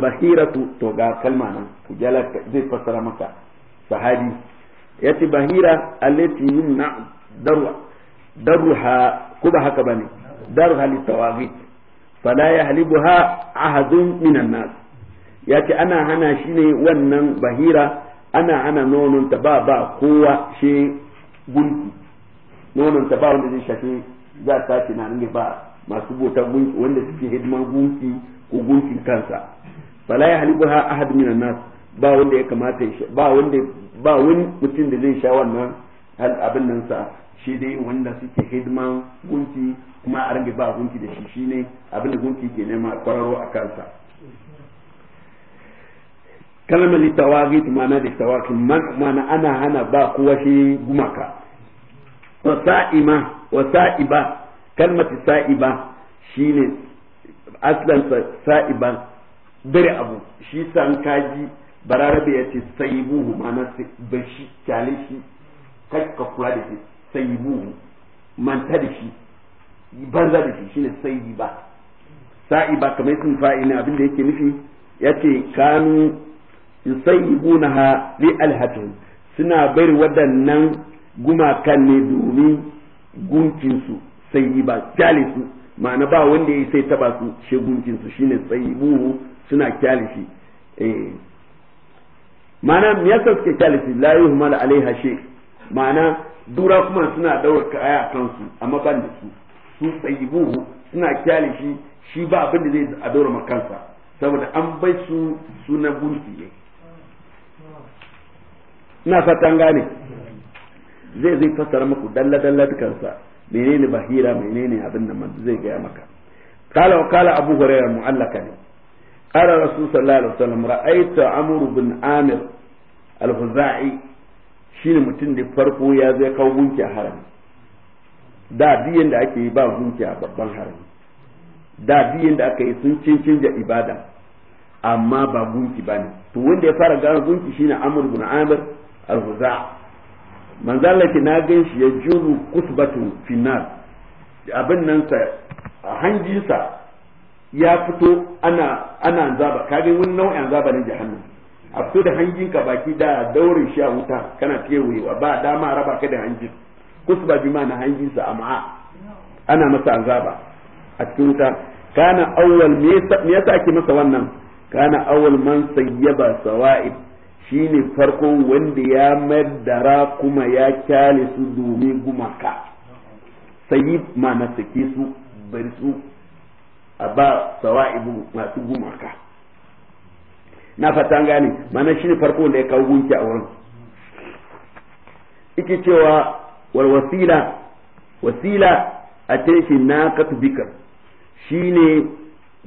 tu to ga kalma nan ku jala zai fassara maka ya ce bahira allati yumna darwa darruha ko ba haka bane darruha litawagit fala yahlibuha ahadun minan nas yace ana hana shi ne wannan bahira ana hana nonon ta ba ba kowa she gunki nonon ba wanda zai shafe za ta na ringe masu bota gunki wanda suke hidiman gunki ko gunkin kansa fala yahlibuha ahad minan nas ba wanda ya kamata ya ba wanda ba wani mutum da zai sha wannan hal nan sa shi dai wanda suke hidima gunki kuma a rage ba gunki da shi shine abin da gunki ke nema kwararo a kansa kalmar litawagi mana da tawaki mana ana hana ba kowa shi gumaka wa sa'ima wa sa'iba kalmar sa'iba shine aslan sa'iba dare abu shi san kaji bararabe ya ce sai mana bashi kyale shi kai ka kula da shi sayyibu manta da shi banza da shi shine sa'i ba kamar sun fa'ina abin da yake nufi yace kanu yusayibunaha li alhatun suna bari waɗannan gumakan ne domin gunkinsu sayyiba kyale su ma'ana ba wanda ya sai taba su shi gunkinsu shine sayyibuhu suna kyale shi eh. ma'ana me suke kyale shi la yuhmal alaiha shi ma'ana dura kuma suna daura kaya a kansu amma ban da su su tsayibu suna kyale shi shi ba abin da zai a daura makansa saboda an bai su suna gunki ne ina fatan gane zai zai fassara muku dalla dalla dukansa menene bahira menene abin nan zai gaya maka kala kala abu hurairah mu'allaka ne قال رسول sallallahu الله عليه وسلم رأيت عمرو بن عامر الخزاعي shine mutum da farko ya zai kawo gunki a harami da biyan da ake yi ba gunki a babban harami da biyan da aka yi sun da ibada amma ba gunki ba ne to wanda ya fara gano gunki shine amr bin amir al-huza manzo Allah ki na gan shi ya juru kusbatu finnar abin nan sa a hanjinsa ya fito ana ana zaba kage wani nau'in zaba ne jahannam a fito da hanjin ka baki da daure shi a wuta kana kewayewa ba dama raba ka da hanjin kusa bi ma na hanjin sa amma ana masa azaba a cikin wuta kana awwal me yasa ake masa wannan kana awwal man sayyaba sawa'id shine farko wanda ya maddara kuma ya kyale su domin gumaka sayyib ma na sake su bari su a ba sawa'ibu masu gumaka na fatan gane mana ne farko da ya kawo gunki a wurin ike cewa wal wasila wasila a tashi na shi ne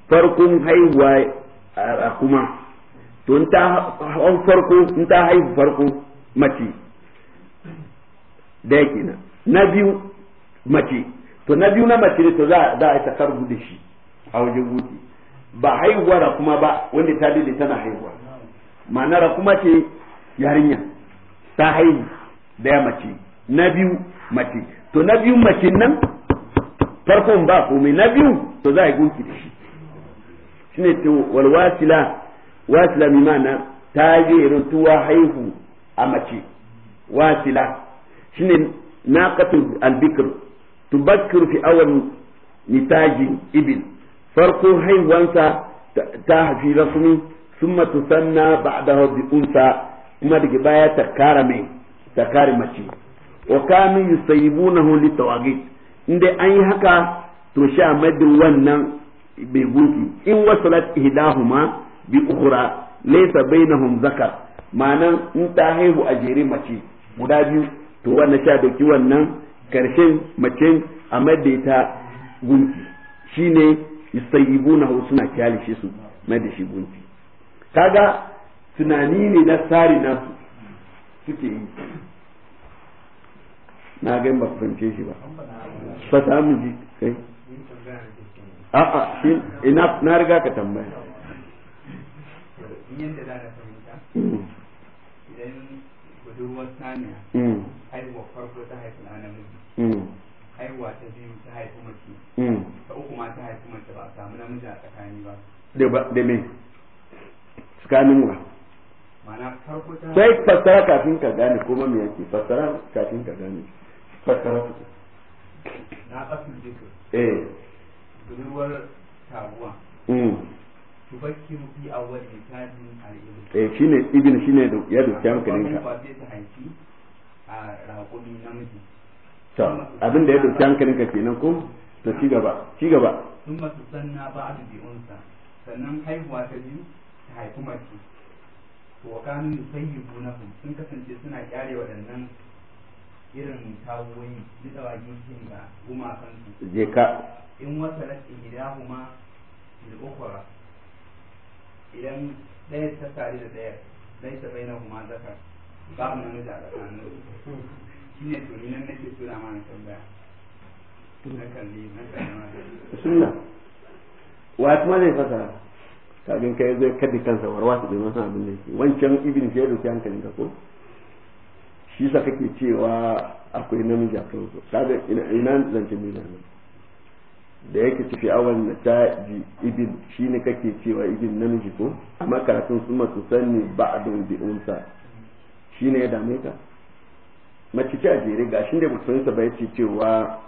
farkon haihuwa a kuma to in ta farko in ta haihu farko mace da yake na na biyu mace to na biyu na mace ne to za a yi takar da shi a wajen gudu ba haihuwa kuma ba wanda ta dade tana haihuwa ma'ana kuma ce yarinya ta haihu daya mace na biyu mace to na biyu mace nan farkon ba komai na biyu to za a yi gunki da shi shine to wal wasila wasila ma'ana ta je rutuwa haihu a mace wasila shine naqatul albikr tubakkir fi awon nitajin ibil farko haihuwansa ta hafi rasumi sun sanna ba da unsa kuma daga baya ta kara mai ta kare mace wa kanu yusayibunahu tawagi inda an yi haka to sha madin wannan bai gunki in wasu wasalat ihdahuma bi ukhra laysa bainahum zakar ma'anan in ta haihu a jere mace guda biyu to wannan sha doki wannan karshen mace a madai gunki shine yusayibuna suna kyalishe su mai da shi gunki kaga tunani ne na tsari nasu suke yi na ga ba ku fahimce shi ba ta mu ji kai a shi ina na riga ka tambaya yadda za ka fahimta hmm. idan budurwar saniya hmm. haihuwa farko ta haifi na namiji hmm. haihuwa ta biyu ta haifi mace ta uku ma ta haifi samu namiji wa sai fassara kafin ka gane kuma me yake fassara kafin ka gane fassara ku na asul dika eh budurwar tabuwa tubakki mm. fi a misalin tajin ibn eh shine ibin shine ya dukiya maka ninka ba ta abin da ya dukiya maka kenan ko to ci gaba sun masu sanna ba a unsa sannan haihuwa ta biyu ta haifi mace to kanun da yi gunahun sun kasance suna kyare waɗannan irin tawoyi duk da bakin shin ga gumakan su je ka in wata rasin idahuma da ukhra idan ɗaya ta tare da ɗaya laisa bainahuma zakar babu namiji a tsakanin shine to ni nan nake ma na tambaya sunna wa kuma zai fasara Sabin kai zai kaddi kansa warwa su bai masa abin da yake wancan ibn shi ya dauki hankalin ka ko shi sa kake cewa akwai namiji a kan su kaga ina zance mai nan da yake tafi awon na ta ji ibin shi ne kake cewa ibin namiji ko amma karatun su masu sanni ba'adun don bi'unsa. shi ne ya dame ka mace ce a jere gashin da mutum sa bai ce cewa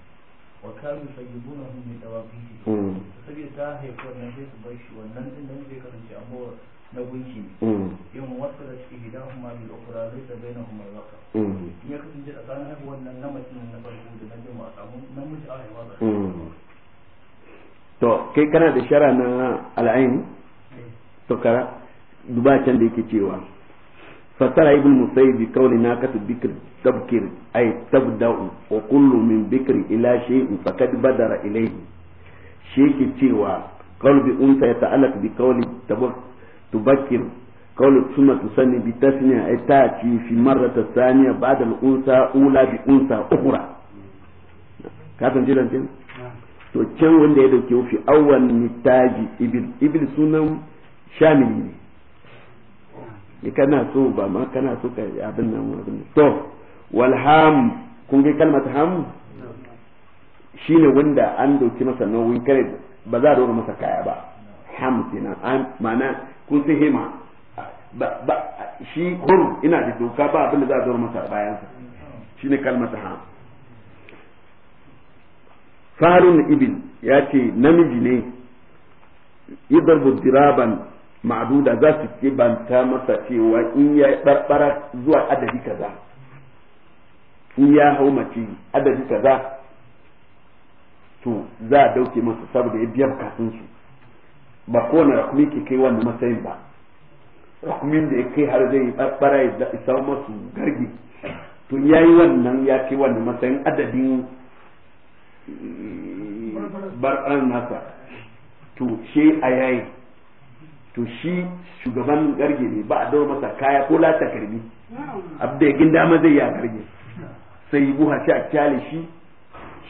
wa وكانوا يسيبونه من دواقيه saboda ta haifi wannan sai su bar shi wannan din da zai kasance amma na gunki yin wasu da suke gida kuma bi ukura zai ta bayyana kuma zaka in ya kasance a tsanin haihuwar nan na mace na farko da na jima a samu mutu a haihuwa da to kai kana da shara na al'ain to kara duba can da yake cewa فسر ابن مسيب بكون ناقة بكر تبكر أي تبدأ وكل من بكر إلى شيء فقد بدر إليه شيء تيوى قول بأنثى يتعلق بقول تبكر قول ثم تسني بتسنية أي تأتي في مرة ثانية بعد الأنثى أولى بأنثى أخرى كاتم جدا جدا to can wanda ya dauke fi awwal nitaji ibil ibil sunan shamili ne kana so ba ma kana so ka abin nan abin to walham kun ga kalmar ham shine wanda an doki masa nauyin kare ba za a dora masa kaya ba ham kenan an mana kun sai hima ba shi kun ina da doka ba abin da za a dora masa bayan sa shine kalmar ham farin ibn ya ce namiji ne yadarbu diraban ma'aduda za su ce kibanta masa cewa in ya barbara zuwa adadi kaza in ya hau mace adadi kaza to za a dauke masa saboda ya biya bukatun su ba kowane rakumi ke kai wannan matsayin ba rakumin da ya kai har zai barbara ya isa masu gargi to ya yi wannan ya kai wannan matsayin adadin bar'an nasa to shi a yayi to shi shugaban garge ne ba a dawo masa kaya ko lata karbi abda ya ginda ma zai ya garge sai yi buha shi a kyale shi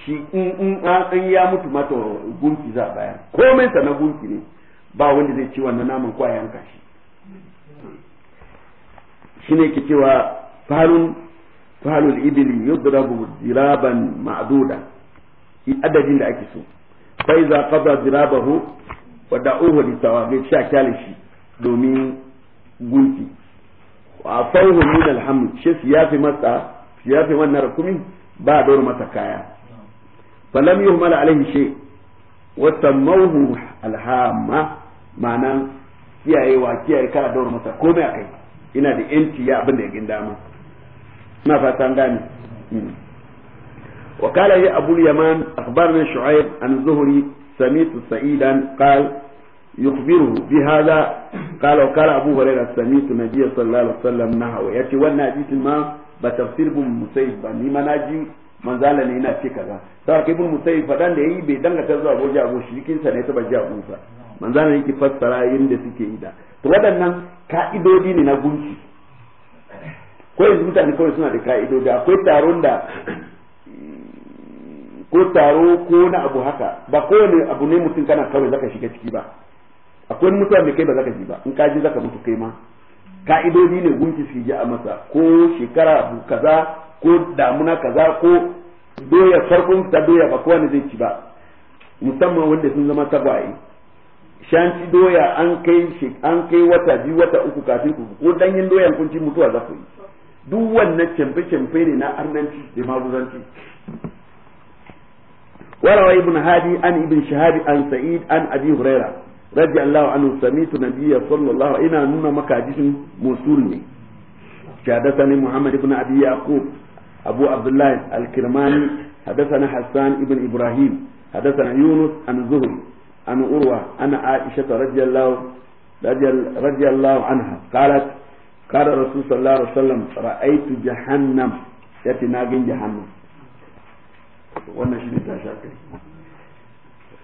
shi in an ya mutu mata gunki za a bayar komai sa na gunki ne ba wanda zai ci wannan naman ko a yanka shi shine ke cewa falun falul ibili yudrabu diraban ma'duda adadin da ake so fa iza qada dirabahu wadda uhu da tawafi sha kyale shi domin gunki wa fauhu min alhamd shi siyafi masa siyafi wannan rakumi ba dor masa kaya falam yuhmal alaihi shay wa tamawhu alhamma ma'ana wa kiyaye kana dor masa komai akai ina da yanci ya abin da ya ginda mu ina fata an gane وقال يا أبو اليمان أخبرنا شعيب عن الزهري سمعت سعيدا قال يخبره بهذا قال وقال أبو هريرة سمعت النبي صلى الله عليه وسلم نهى يأتي وانا جيت ما بتفسير ابن مسيب بني ما ناجي man zala ne yana ce kaza sai ibn musayyib fadan da yayi bai dangata zuwa goje abu shirikin sa ne ta baje abu sa man zala yake fassara yinda suke yi da to waɗannan ka'idodi ne na gunki ko yanzu mutane kawai suna da ka'idodi akwai taron da ko taro ko na abu haka ba kowane abu ne mutum kana kawai zaka shiga ciki ba akwai mutuwa mai kai ba zaka ji ba in ka ji zaka mutu kai ma ka'idodi ne gunki su ji a masa ko shekara abu kaza ko damuna kaza ko doya farkon ta doya ba kowane zai ci ba musamman wanda sun zama tagwaye shanci doya an kai an kai wata biyu wata uku kafin ku ko danyen doyan kun ci mutuwa za ku yi duk wannan cemfe-cemfe ne na arnanci da maruzanci وروى ابن هادي عن ابن شهاب عن سعيد عن ابي هريره رضي الله عنه سمعت النبي صلى الله عليه وسلم نونا مكا حديث موصول حدثني محمد بن ابي يعقوب ابو عبد الله الكرماني حدثنا حسان ابن ابراهيم حدثنا يونس عن زهري عن عروه عن عائشه رضي الله رضي الله عنها قالت قال الرسول صلى الله عليه وسلم رايت جهنم ياتي ناجين جهنم wannan shi ne ta sha kai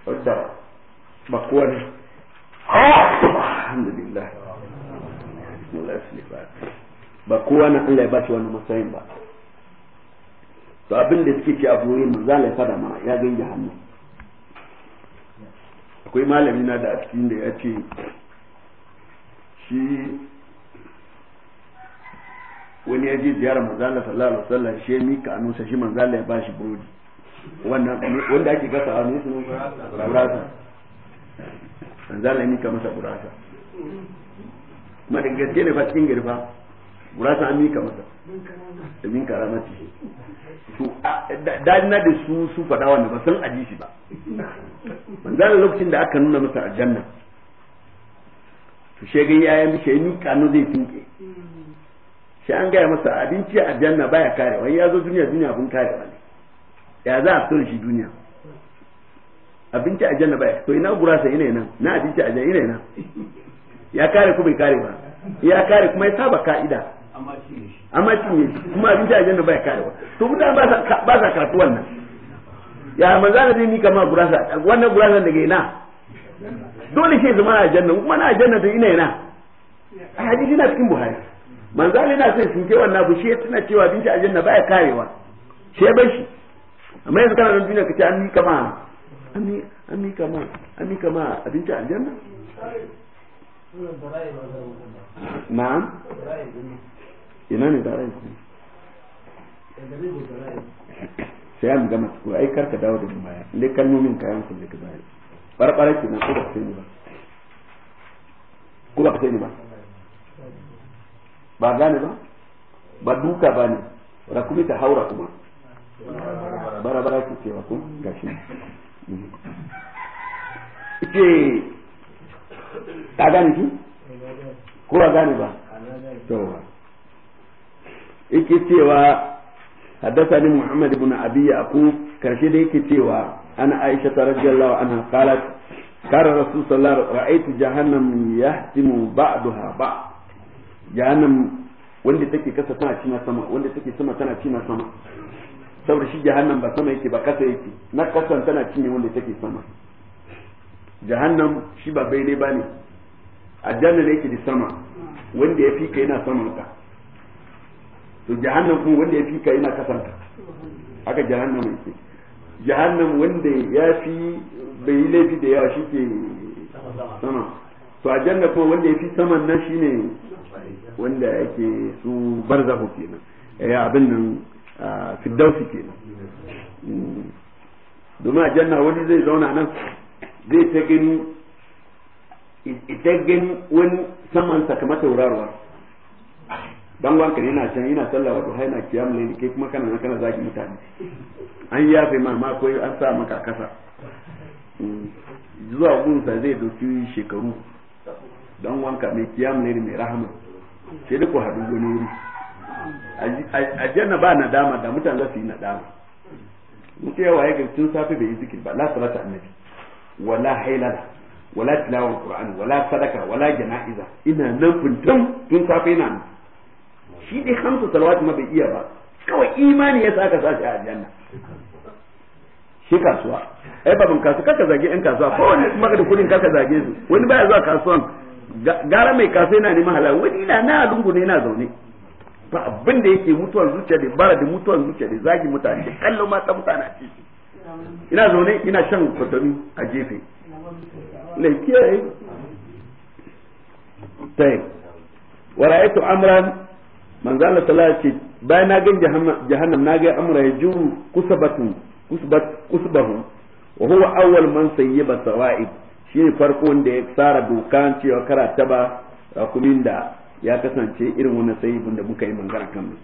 wadda ba ne alhamdulillah ba kowa na Allah ya bashi wani matsayin ba to abin da suke ce a goyi manzala ya fada ma ya ganye hannu akwai malami na da a cikin da ya ce shi wani ya ji ziyarar manzala sallallahu alaihi wasallam shi ya mika anusa shi manzala ya bashi burodi wannan wanda ake gasa a ne su burasa zala yi mika masa burasa madagaske gaske ne ba cikin girba burasa an mika masa da min karamati su dadina da su su fada wanda ba san aji shi ba zala lokacin da aka nuna masa aljanna to shegin yayan bishe mika kanu zai tinke shi an gaya masa abinci a janna baya karewa ya zo duniya duniya abun karewa ne ya za a fito shi duniya abinci a janna baya to ina gurasa ina nan na abinci a janna ina nan ya kare ko bai kare ba ya kare kuma ya saba ka'ida amma shi ne kuma abinci a janna baya kare ba to mutane ba sa karatu wannan ya manzo da ni kama gurasa wannan gurasa daga ina dole shi zama a janna kuma na janna to ina ina a hadisi na cikin buhari manzo na sai sun ke wannan bu shi tana cewa abinci a janna baya karewa shi bai shi amma yanzu kana nan duniya kace an mika ma an mika ma an mika ma abinci aljanna na'am ina ne da rai sai an gama ko ai karka dawo da baya inda kalmomin kayan kulle ka baya barbara ke ko kuma sai ni ba kuma sai ni ba ba gane ba ba duka ba ne rakumi ta haura kuma bara-bara ke ce wasu gashi ce ta gane ki ko a gani ba yawa ike cewa haddasa ni حدثني محمد بن ابي karshe da yake cewa ana aisha ta radiyallahu anha qalat kana rasul sallallahu alaihi ra'aytu jahannam yahtimu ba'daha ba jahannam wanda take kasa tana cima sama wanda take sama tana cima sama saboda shi jahannam ba sama yake ba kasa yake na kasan tana cinye wanda take sama jahannam shi ba bai ne ba ne aljanna ne yake da sama wanda ya fika yana saman ka to jahannam kuma wanda ya fika yana kasan ka haka jahannam yake jahannam wanda ya fi bai laifi da yawa shi ke sama to aljanna kuma wanda ya fi saman nan shine wanda yake su barzahu kenan ya eh, abin nan Ah, fiddausi ke domin a janna wani zai zauna nan zai ta gani ita gani wani saman sakamata wurarwa bangon ka yana can yana sallah wa duha yana kiyam ne ke kuma kana na kana zagi mutane an yafe ma ma koyi an sa maka kasa hmm. zuwa gunsa zai dauki shekaru don wanka mai kiyam ne mai rahama sai duk haɗu wani wuri aljanna ba nadama da mutane za su yi nadama mutum ya waye gari tun safe bai yi zikir ba la salata annabi wala hailala wala tilawar qur'ani wala sadaka wala jana'iza ina nan funtum tun safe ina nan shi dai hamsu salawat ma bai iya ba kawai imani ya saka sa shi a aljanna shi kasuwa ai babin kasu kaka zage yan kasuwa ko wani kuma da kudin kaka zage su wani baya zuwa kasuwan gara mai kasuwa yana neman halal wani ina na lungu ne yana zaune ba abin da yake mutuwar zuciya da bara da mutuwar zuciya da zagi mutane da kallo ma ta mutane a ciki ina zaune ina shan kwatami a gefe ne kiyaye tai wa ra'aytu amran manzo Allah ta'ala ce bayan na gan jahannam na ga amra ya juru kusabatu kusbat kusbahu wa huwa awwal man sayyiba sawa'id shi farko wanda ya tsara dokan cewa karata ba rakumin ya kasance irin wannan sahibin da muka yi mangana kan mu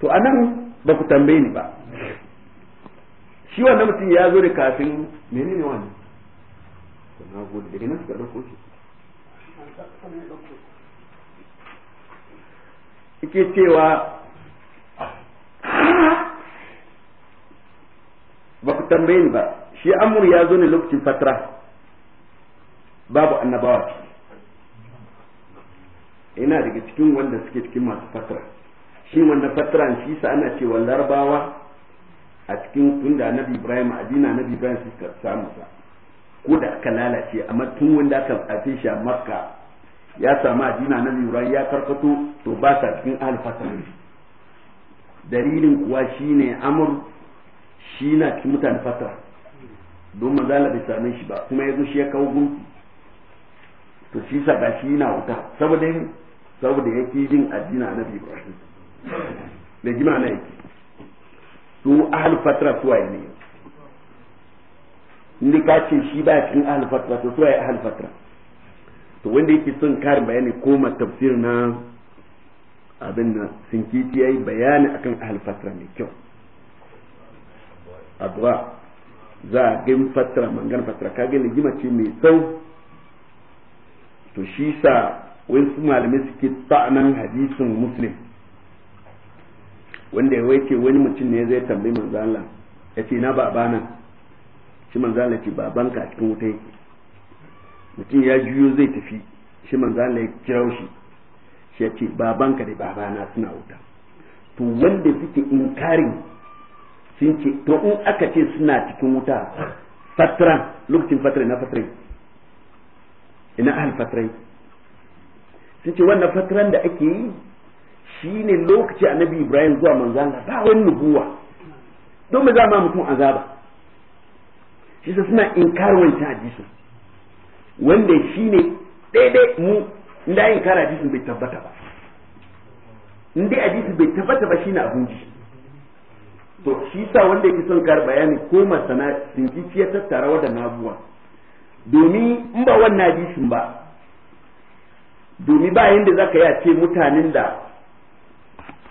to anan ba ku tambaye ni ba shi wannan mutum ya zo da kafin menene wannan na gode daga nan suka dauko shi ike cewa ba ku tambaye ni ba shi amur ya zo ne lokacin fatra babu annabawa yana daga cikin wanda suke cikin masu fatara shi wanda fatara shi sa ana cewa larabawa a cikin tunda nabi ibrahim adina nabi ibrahim suka samu sa ko da aka lalace amma tun wanda aka afe shi a makka ya samu adina nabi ibrahim ya karkato to ba sa cikin alfatar dalilin kuwa shi ne amur shi na cikin mutane fatara don mazala bai same shi ba kuma ya zo shi ya kawo gunki to shi sa shi yana wuta saboda saboda yake yin na annabi Ibrahim da jima na yake su ahal fatra waye ne ni ka ce shi ba cikin ahal fatra to waye ahal fatra to wanda yake son karin bayani ma tafsir na abin da sinkiti yayi bayani akan ahal fatra mai kyau adwa za a gin fatra mangan fatra ka gani jima ce mai sau to shi sa wai su malamai suke ta'anan hadisin muslim wanda ya wace wani mutum ne zai tambayi manzala ya ce na babana shi manzala Allah ce babanka a cikin wuta yake mutum ya juyo zai tafi shi manzala ya kira shi shi ya ce babanka da babana suna wuta to wanda suke inkarin sun ce to in aka ce suna cikin wuta fatran lokacin fatran na fatran ina ahal fatran sun ce wannan fataran da ake yi shine lokaci annabi ibrahim zuwa manzana ba wani nubuwa don ba za ma mutum azaba shi sa suna inkar wancan hadisin wanda shine daidai mu inda inkar hadisin bai tabbata ba in dai hadisi bai tabbata ba ne abun ji to shi sa wanda yake son kar bayani ko masana sun ji ya tattara wadannan abubuwan domin in ba wannan hadisin ba domin ba yadda za ka yi a ce mutanen da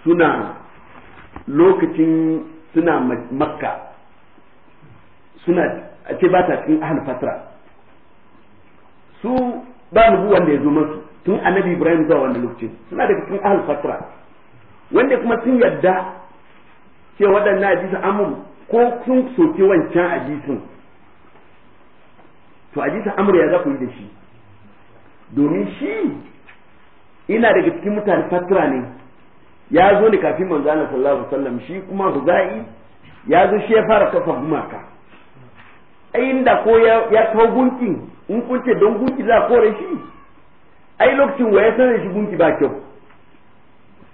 suna lokacin suna makka suna a ce ba ta cikin ahal fatra su ba nubu wanda ya zo masu tun annabi ibrahim zuwa wanda lokacin suna daga cikin ahal fatra wanda kuma sun yadda ce waɗannan hadisin amur ko sun soke wancan ajisun to hadisin amur ya za ku yi da shi domin shi ina daga cikin mutane fatra ne ya zo ne kafin manzo Allah sallallahu alaihi wasallam shi kuma Huzai ya zo shi ya fara kafa gumaka inda ko ya kawo gunkin in kun ce don gunki za a kore shi ai lokacin wa ya sanar shi gunki ba kyau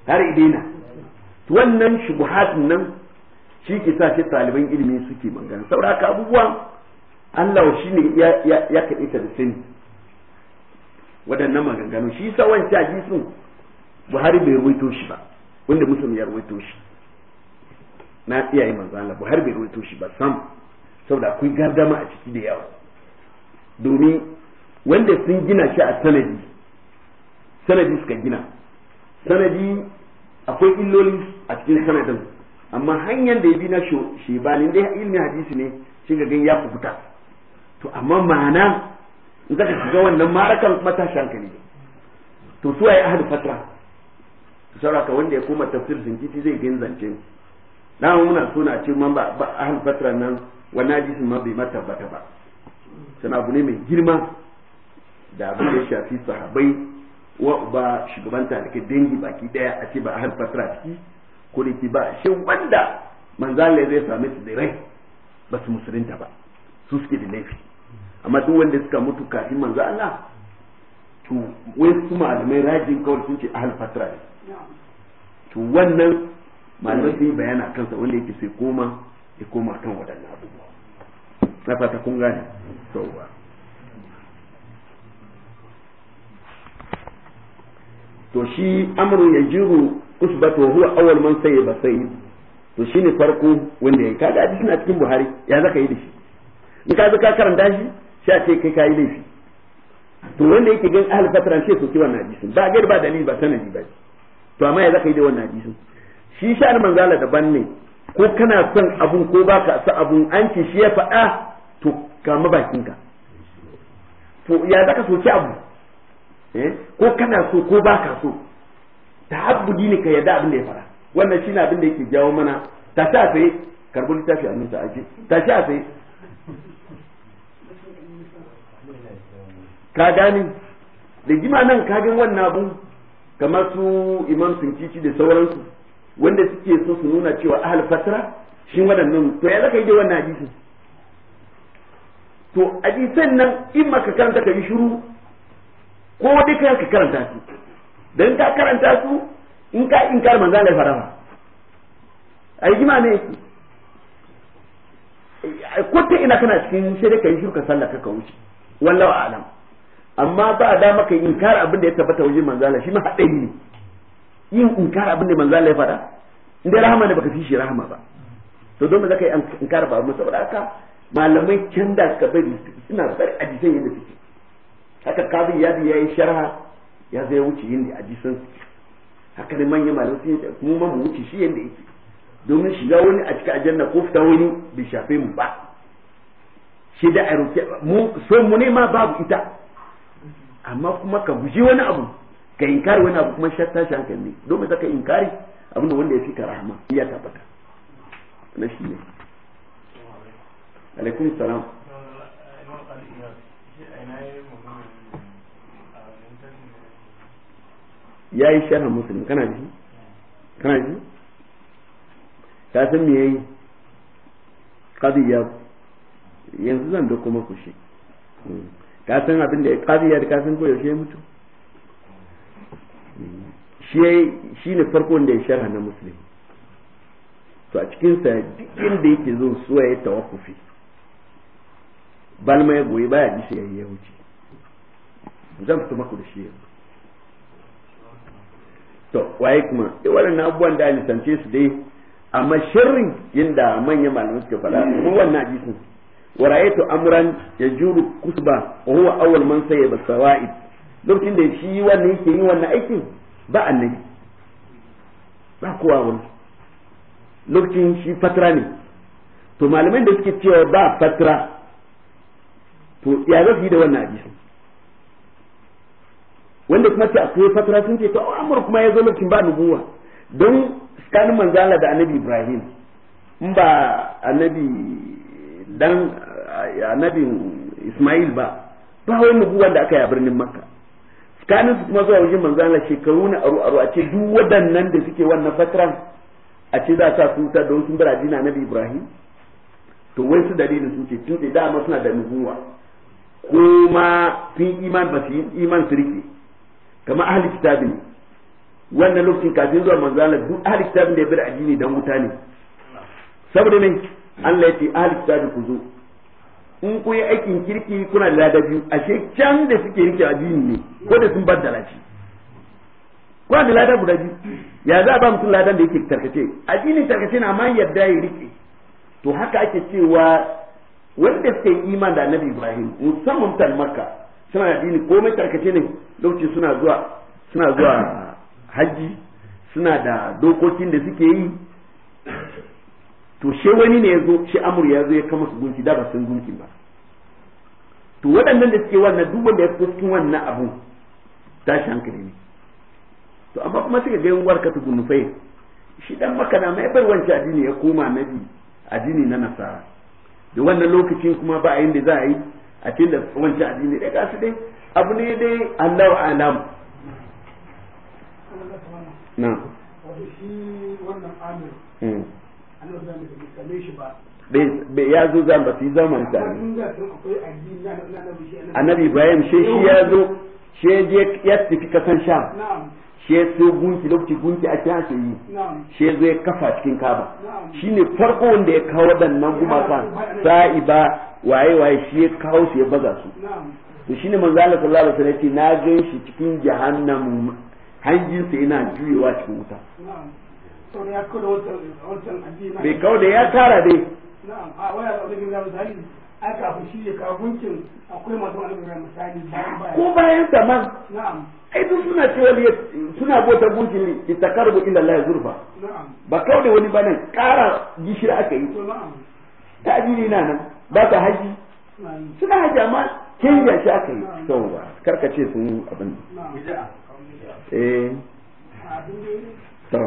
har idina wannan shubuhat nan shi ke sa shi taliban ilimi suke magana saboda haka abubuwan Allah shi ne ya kaɗe ta da sani waɗannan maganganu shi sa wancan sun. Buhari bai ruwaito shi ba wanda Muslim ya ruwaito shi na iyaye manzo Allah Buhari bai ruwaito shi ba sam saboda akwai gardama a ciki da yawa domin wanda sun gina shi a sanadi sanadi suka gina sanadi akwai illoli a cikin sanadin amma hanyar da ya bi na shebani dai ilmi hadisi ne shi ga ya kubuta to amma ma'ana in ka shiga wannan ma'arakan kuma tashi hankali to su waye ahadu fatra sauraka wanda ya koma tafsir zinjiti zai gani zance na muna suna ce man ba ahadu fatra nan wannan hadisin ma bai matabbata ba sana abu ne mai girma da abin da ya shafi sahabai wa ba shugaban talikai dangi baki daya a ce ba ahadu fatra ciki ko da ki ba shi wanda manzalai zai same su da rai ba su musulunta ba su suke da laifi amma duk wanda suka mutu kafin manzo Allah to wai su malamai rajin kawai sun ce ahal fatra ne to wannan malamai sun yi bayana kansa wanda yake sai koma ya koma kan waɗannan abubuwa na fata kun gane sauwa to shi amru ya jiru usbatu huwa awwal man sayyiba sayyib to shine farko wanda yayi kaga hadisi na cikin buhari ya zaka yi da shi in ka zaka karanta shi sha ce kai yi laifi to wanda yake gan ahal fatran shi soki wannan hadisin ba gair ba dalili ba sanadi ba to amma ya zaka yi da wannan hadisin shi sha'ar manzala daban ne ko kana son abun ko baka sa abun an ce shi ya faɗa to kama bakinka to ya zaka soki abu eh? ko kana so ko baka so ta'abbudi ne ka da abin da ya fara wannan shine abin da yake jawo mana ta sa sai karbi littafi a nusa aje ta sa sai ka gani da jima nan kagin wannan abu kamar su imam sunkici da sauransu wanda suke so su nuna cewa ahal fatra shi waɗannan to ya zaka yi da wannan hadisi to hadisan nan in maka karanta ka yi shiru ko dai kai ka karanta su dan ka karanta su in ka in kar manzo Allah fara ai jima ne ko ta ina kana cikin sai dai ka yi shiru ka sallaka ka wuce wallahu a'lam amma ba a dama kai inkar abin da ya tabbata wajen manzala shi ma haɗari ne yin inkar abin da manzala ya faɗa inda rahama ne baka fi shi rahama ba to don za ka yi inkar ba masa saboda haka malamai can da suka bari suna bar hadisan yadda suke haka kafin ya ya yi sharha ya zai wuce yin da hadisan haka ne manyan malamai sun yi kuma mu wuce shi yadda yake domin shiga wani a cikin ajanna ko fita wani bai shafe mu ba shi da a mu so mu ne ma babu ita amma kuma ka guji wani abu ka inkari wani abu kuma shatta shi hankali ne domin zaka inkari abin da wanda ya fi ka rahama ya tabbata na shi ne alaikum salam ya yi sharhan musulun kana ji kana ji ta san me yayi kadiyab yanzu zan da kuma kushi hmm. ka san abin da ya kariya da kasan ko yaushe mutu shi shi ne farko da ya sharha na musulmi to a cikin sa duk inda yake zo suwa ya tawakufi balma ya goyi baya ya shi ya wuce zan fito maku da shi yanzu to waye kuma waɗannan abubuwan da nisance su dai amma mashirin yadda manyan malamai suke faɗa mu wannan hadisin wara'aitu amran ya juru kusba wa huwa awwal man sayyaba sawa'id lokacin da shi wannan yake yin wannan aikin ba annabi ba kowa lokacin shi fatra ne to malaman da suke cewa ba fatra to ya za su da wannan hadisi wanda kuma ta akwai fatra sun ce to amur kuma ya zo lokacin ba nubuwa don tsakanin manzala da annabi ibrahim in ba dan annabin Ismail ba ba wai nubuwan da aka yi a birnin Makka tsakanin su kuma zuwa wajen manzo Allah shekaru na aro aro a ce duk wadannan da suke wannan fatran a ce za sa su ta don sun a addinin Ibrahim to wai su dalilin su ce tun da ma suna da nubuwa kuma fin iman ba su iman su kamar ahli kitabin wannan lokacin kafin zuwa manzo Allah duk ahli kitabin da ya bar addini dan wuta ne saboda ne. Allah ya ce ahli kitabi ku zo in ku yi aikin kirki kuna da ladabi ashe can da suke rike addini ne ko da sun baddala shi kuna da lada guda biyu ya za a ba mutum ladan da yake tarkace addini tarkace na ma yadda ya rike to haka ake cewa wanda suka yi iman da annabi ibrahim musamman mutan makka suna da addini komai tarkace ne lokaci suna zuwa suna zuwa haji suna da dokokin da suke yi to she wani ne ya zo shi amur ya zo ya kama su gunki da ba sun gunki ba to waɗannan da suke wannan duk wanda ya fito cikin wannan abu tashi hankali ne to amma kuma suka ga yanguwar ka tugun fai shi dan makana mai bar wancan addini ya koma nabi addini na nasara da wannan lokacin kuma ba a yin da za a yi a cikin da wancan addini dai gasu dai abu ne dai Allahu alam na wannan amir hmm. ya zo zan ba fi zaman ta annabi bayan shi shi ya zo shi je ya tafi kasan sham shi so gunki lokaci gunki a kira shi yi shi zo ya kafa cikin kaba shi ne farko wanda ya kawo waɗannan gumaka sa'i ba waye waye shi ya kawo su ya baza su to shine manzo Allah sallallahu alaihi wasallam ya ce na gan shi cikin jahannam hanjinsa yana juyewa cikin wuta bai kawo da ya tara dai na'am a waya da wani gina ai ya kawo masu wani ko bayan zaman. ai duk suna cewa suna bota gunkin ne istakarbu illa Allah zurfa ba kawo da wani bane kara gishiri aka yi ta na nan ba ta haji suna haji amma kenya shi aka yi karkace sun abin eh to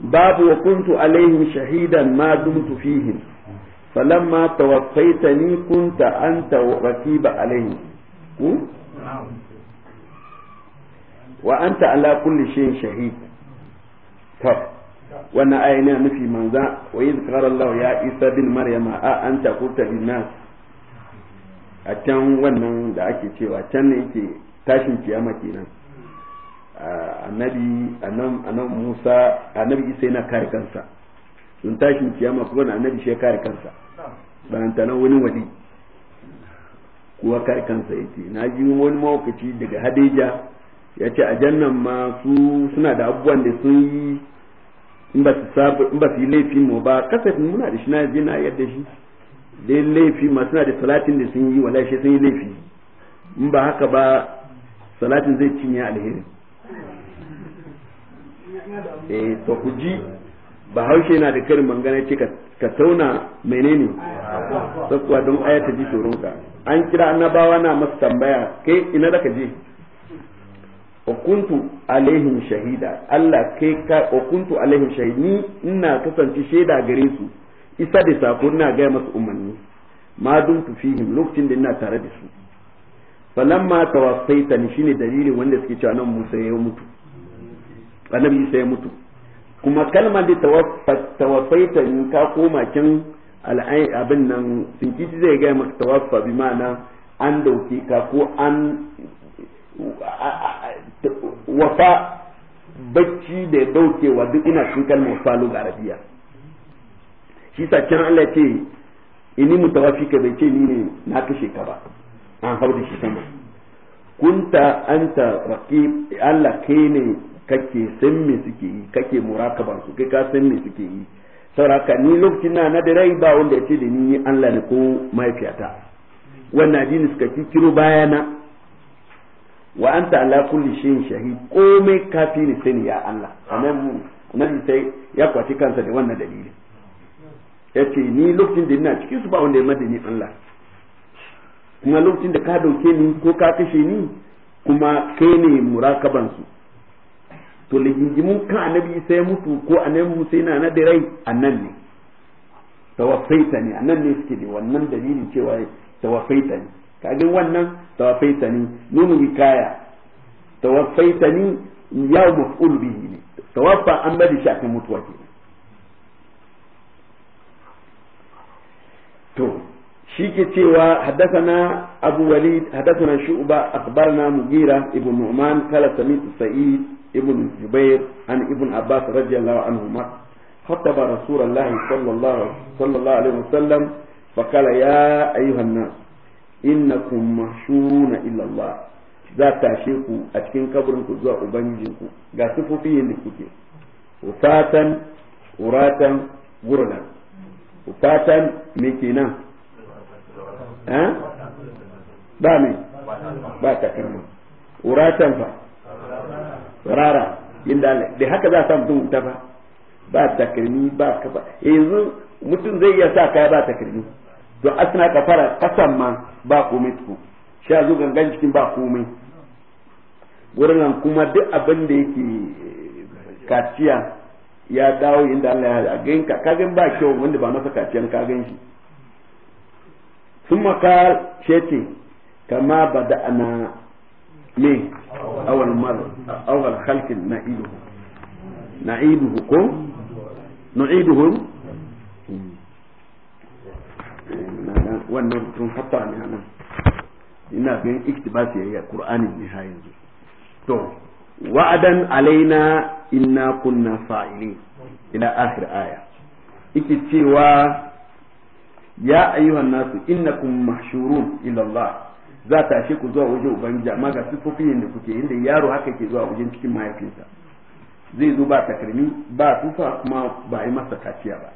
babu wa kuntu alaihim shahidan ma dumtu fihim falamma tawaffaytani kunta anta rakiba alaihim ku wa anta ala kulli shay'in shahid to wannan aya na nufi manza wa yi Allah ya isa bin maryama a anta kurta bin nas a can wannan da ake cewa can ne yake tashin kiyama kenan annabi annan Musa annabi Isa yana kare kansa sun tashin kiyama kuma na annabi shi ya kare kansa bayan ta nan wani wadi kuwa kare kansa yace na ji wani mawakaci daga Hadeja ya ce a jannan ma su suna da abubuwan da sun yi in ba su yi laifin mu ba kasafin muna da shi na yi na yadda shi dai laifi ma suna da salatin da sun yi wala shi sun yi laifi in ba haka ba salatin zai cinye alherin eh to ku ji bahaushe yana da karin mangana ce ka tauna menene sakuwa don aya ji tsoron an kira annabawa na masu tambaya kai ina da ka je kuntu alaihim shahida Allah kai ka kuntu alaihim shahidi ni ina kasance shaida gare su isa da sako ina ga masu umarni ma tu fihim lokacin da ina tare da su falamma ni shine dalilin wanda suke cewa nan Musa ya mutu annabi isa ya mutu kuma kalmar da tawafaita in ka koma kin al'ayin abin nan sinkiti zai gaya maka tawafa bi ma'ana an dauke ka ko an wafa bacci da daukewa duk ina cikin kalmar falo ga arabiya shi sa can Allah ce ini mutawafi ka bai ce ni ne na kashe ka ba an hau da shi sama kunta anta raqib Allah kai ne kake san me suke yi kake murakaban su kai ka san me suke yi sauraka ni lokacin na na da rai ba wanda ya ce da ni Allah ne ko mahaifiyata wannan addini suka kiro bayana wa anta ala kulli shay'in shahid komai kafi ne sai ya Allah mu nan sai ya kwaci kansa da wannan dalilin yace ni lokacin da ina cikin su ba wanda ya madani Allah kuma lokacin da ka dauke ni ko ka kashe ni kuma kai ne murakaban su to ligingimun kan annabi sai mutu ko annabi mu sai na da rai annan ne tawaffaita ne annan ne suke da wannan dalilin cewa tawaffaita ne kaga wannan tawaffaita ne nunu hikaya tawaffaita ne ya maf'ul bihi ne tawaffa an bari shi akan mutuwa ke to shi ke cewa haddasana abu walid haddasana shu'ba akhbarna mugira ibn nu'man kala samitu sa'id ibn jubair an ibn abbas radiyallahu anhuma خطب رسول الله صلى الله صلى الله عليه وسلم فقال يا أيها الناس إنكم محشورون إلى الله za ta tashe ku a cikin kaburinku zuwa ubangijinku ga sifofin da kuke ufatan uratan gurnan ufatan me kenan Eh? ba mai ba takalma wuratan fa rara inda da haka za a samu mutum wuta ba ba takalmi ba kafa yanzu mutum zai iya sa kaya ba takalmi to asna kafara kasan ma ba komai tuku sha zo gangan cikin ba komai wurin kuma duk abin da yake eh, kaciya ya dawo inda Allah ya ga ka kagan ba kyau wanda ba masa kaciyan gan shi sun ceti shece kama ba da ne awal mar awal halkin na iduhu na iduhu ko na iduhu wannan tun hatta ne ina ganin iktibas yayi a qur'anin ne ha yanzu to wa'adan alaina inna kunna fa'ilin ila aya yake ya ayyuhan nasu innakum mahshurun ila Allah za ta ashe ku zuwa wajen ubangiji amma ga sifofin da kuke inda yaro haka ke zuwa wajen cikin mahaifinsa zai zo ba takarmi ba tufa kuma ba yi masa kaciya ba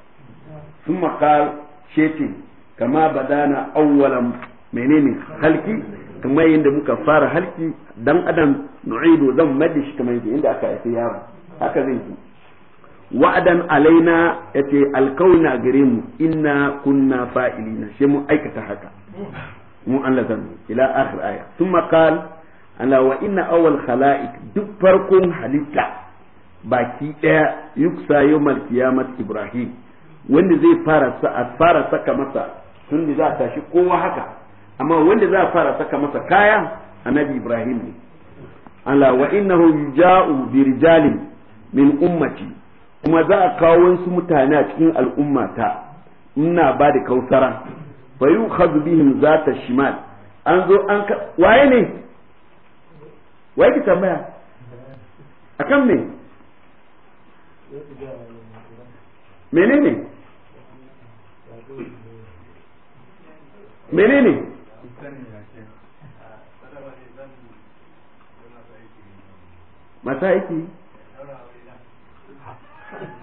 sun makar shekin kama badana awwalan menene halki kuma yadda muka fara halki dan adam nu'idu zan madi shi kamar yadda inda aka haifi yaro haka zai zo wa'adan alaina yace alkauna gare mu inna kunna fa'ilina shi mu aikata haka mu Allah zanu ila akhir aya thumma qal ala wa inna awwal khalaiq duk farkon halitta baki daya yuksa yawmal qiyamah ibrahim wanda zai fara sa fara saka masa tun da za ta shi kowa haka amma wanda za a fara saka masa kaya annabi ibrahim ne ala wa innahu yuja'u bi rijalin min ummati kuma za a kawo wasu mutane a cikin al'ummata ina ba da kausara fa yu khadhu bihim zata shimal an zo an ka waye ne waye ki tambaya akan me menene menene mata yake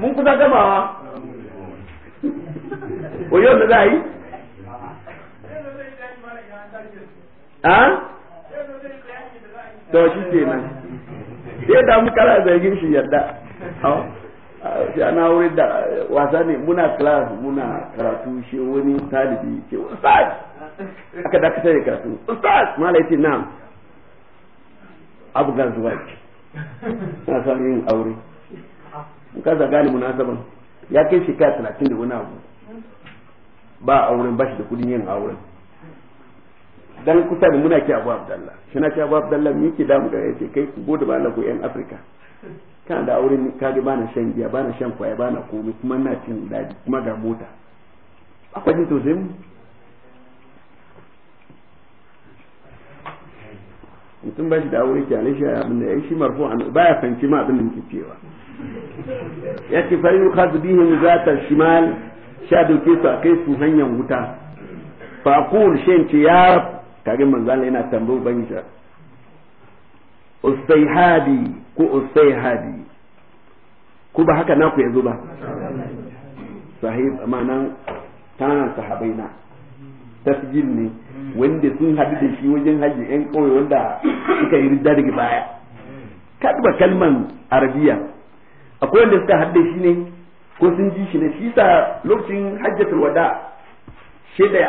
mun kusa gamawa ko yau da za yi a to shi ke nan sai da mu kara zargin shi yarda shi ana wuri da wasa ne muna class muna karatu shi wani talibi ce ustaz aka dakatar da karatu ustaz Mala ce na abu gan zuwa na san yin aure in ka gane munasaban ya kai shekara talatin da wani abu ba a auren ba shi da kudin yin auren dan kusa da muna ke abu abdalla shi na ki abu abdalla me yake damu da yace kai ku gode ba Allah ko yan afirka kana da auren ka ga bana shan giya bana shan kwaya bana komai kuma na cin daji kuma ga mota akwai jin tausayin mutum ba shi da aure ke shi abin da ya shi marfu baya fanci ma abin da muke cewa ya ce fa yi kasu bihin zata shimal sha doke su a kai su hanyar wuta fa kuhul shen ce ya rab kage manzala yana tambayi ubangiji ustaihadi ko ustaihadi ko ba haka naku zo ba sahib ma'anan tana sahabai na jin ne wanda sun haɗu da shi wajen haji yan kawai wanda suka yi ridda daga baya kaduba kalman arabiya akwai wanda suka hadda shi ne ko sun ji shi ne shi sa lokacin hajjatul wada shi da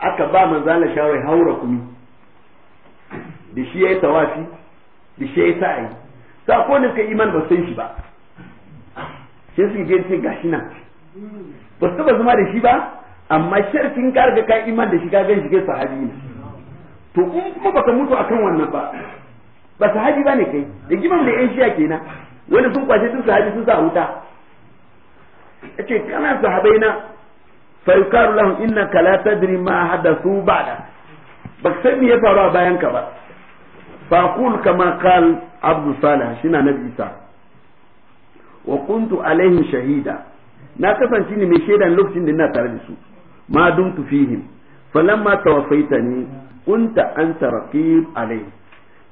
aka ba Allah shawarar haura kumi da shi yayi tawafi da shi yayi sa'i sa ko ne suka iman ba san shi ba sai su je ce gashi nan ba su taba zama da shi ba amma sharfin karga riga ka iman da shi ka gan shi ke sahabi ne to kuma baka mutu akan wannan ba ba sahabi ba ne kai da giban da yan shiya kenan wanda sun kwashe sun sahabi sun sa wuta yace kana sahabai na fa yukaru lahum innaka la tadri ma hadathu ba'da baka san me ya faru a bayan ka ba fa qul kama qal abdu salih shina nabi isa wa kuntu shahida na kasance ne mai shaidan lokacin da ina tare da su ma dumtu fihim falamma tawaffaitani kunta anta raqib alaihim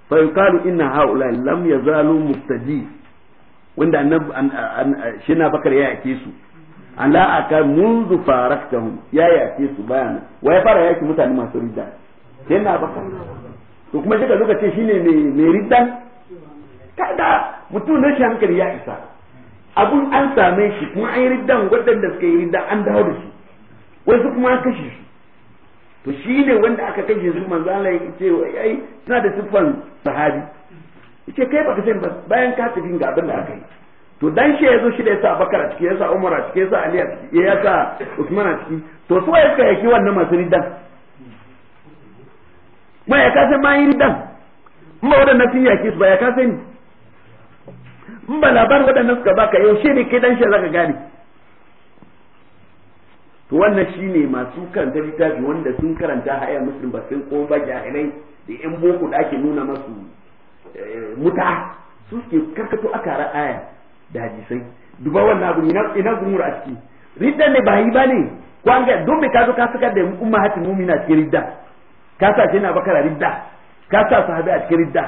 fa yukaru inna haula lam yazalu wanda shi na bakar ya yake su ala aka munzu faraktahum ya yake su bayan wa ya fara yaki mutane masu ridda shi na bakar to kuma shi ka zo ka ce shine mai ridda kada mutum na shi hankali ya isa abun an same shi kuma an yi riddan waɗanda suka yi ridda an dawo da shi wasu kuma an kashe su to shine ne wanda aka kashe su manzo Allah ya ce ai suna da sifan sahabi yake kai baka san ba bayan ka tafi ga abin da aka yi to dan shi yazo shi da yasa Abakar a ciki yasa Umar a ciki yasa aliya ciki yasa Usman a ciki to su waye suka yaki wannan masu riddan ma ya ka san mai riddan ma ba wadannan sun yake su ba ya ka ni? in ba labar wadannan suka baka yaushe ne kai dan shi zaka gane to wannan shine masu karanta littafi wanda sun karanta haya muslim ba sun ko ba jahilai da yan boko da ake nuna masu Eh, muta su suke karkato akara aya da hadisai duba wannan abu ina ina gumura a ciki ridda ne ba yi ba ne ko an ga don me ka zo ka saka da hatin mu'mina cikin ridda ka sa shi na bakara ridda ka sa sahabi a cikin ridda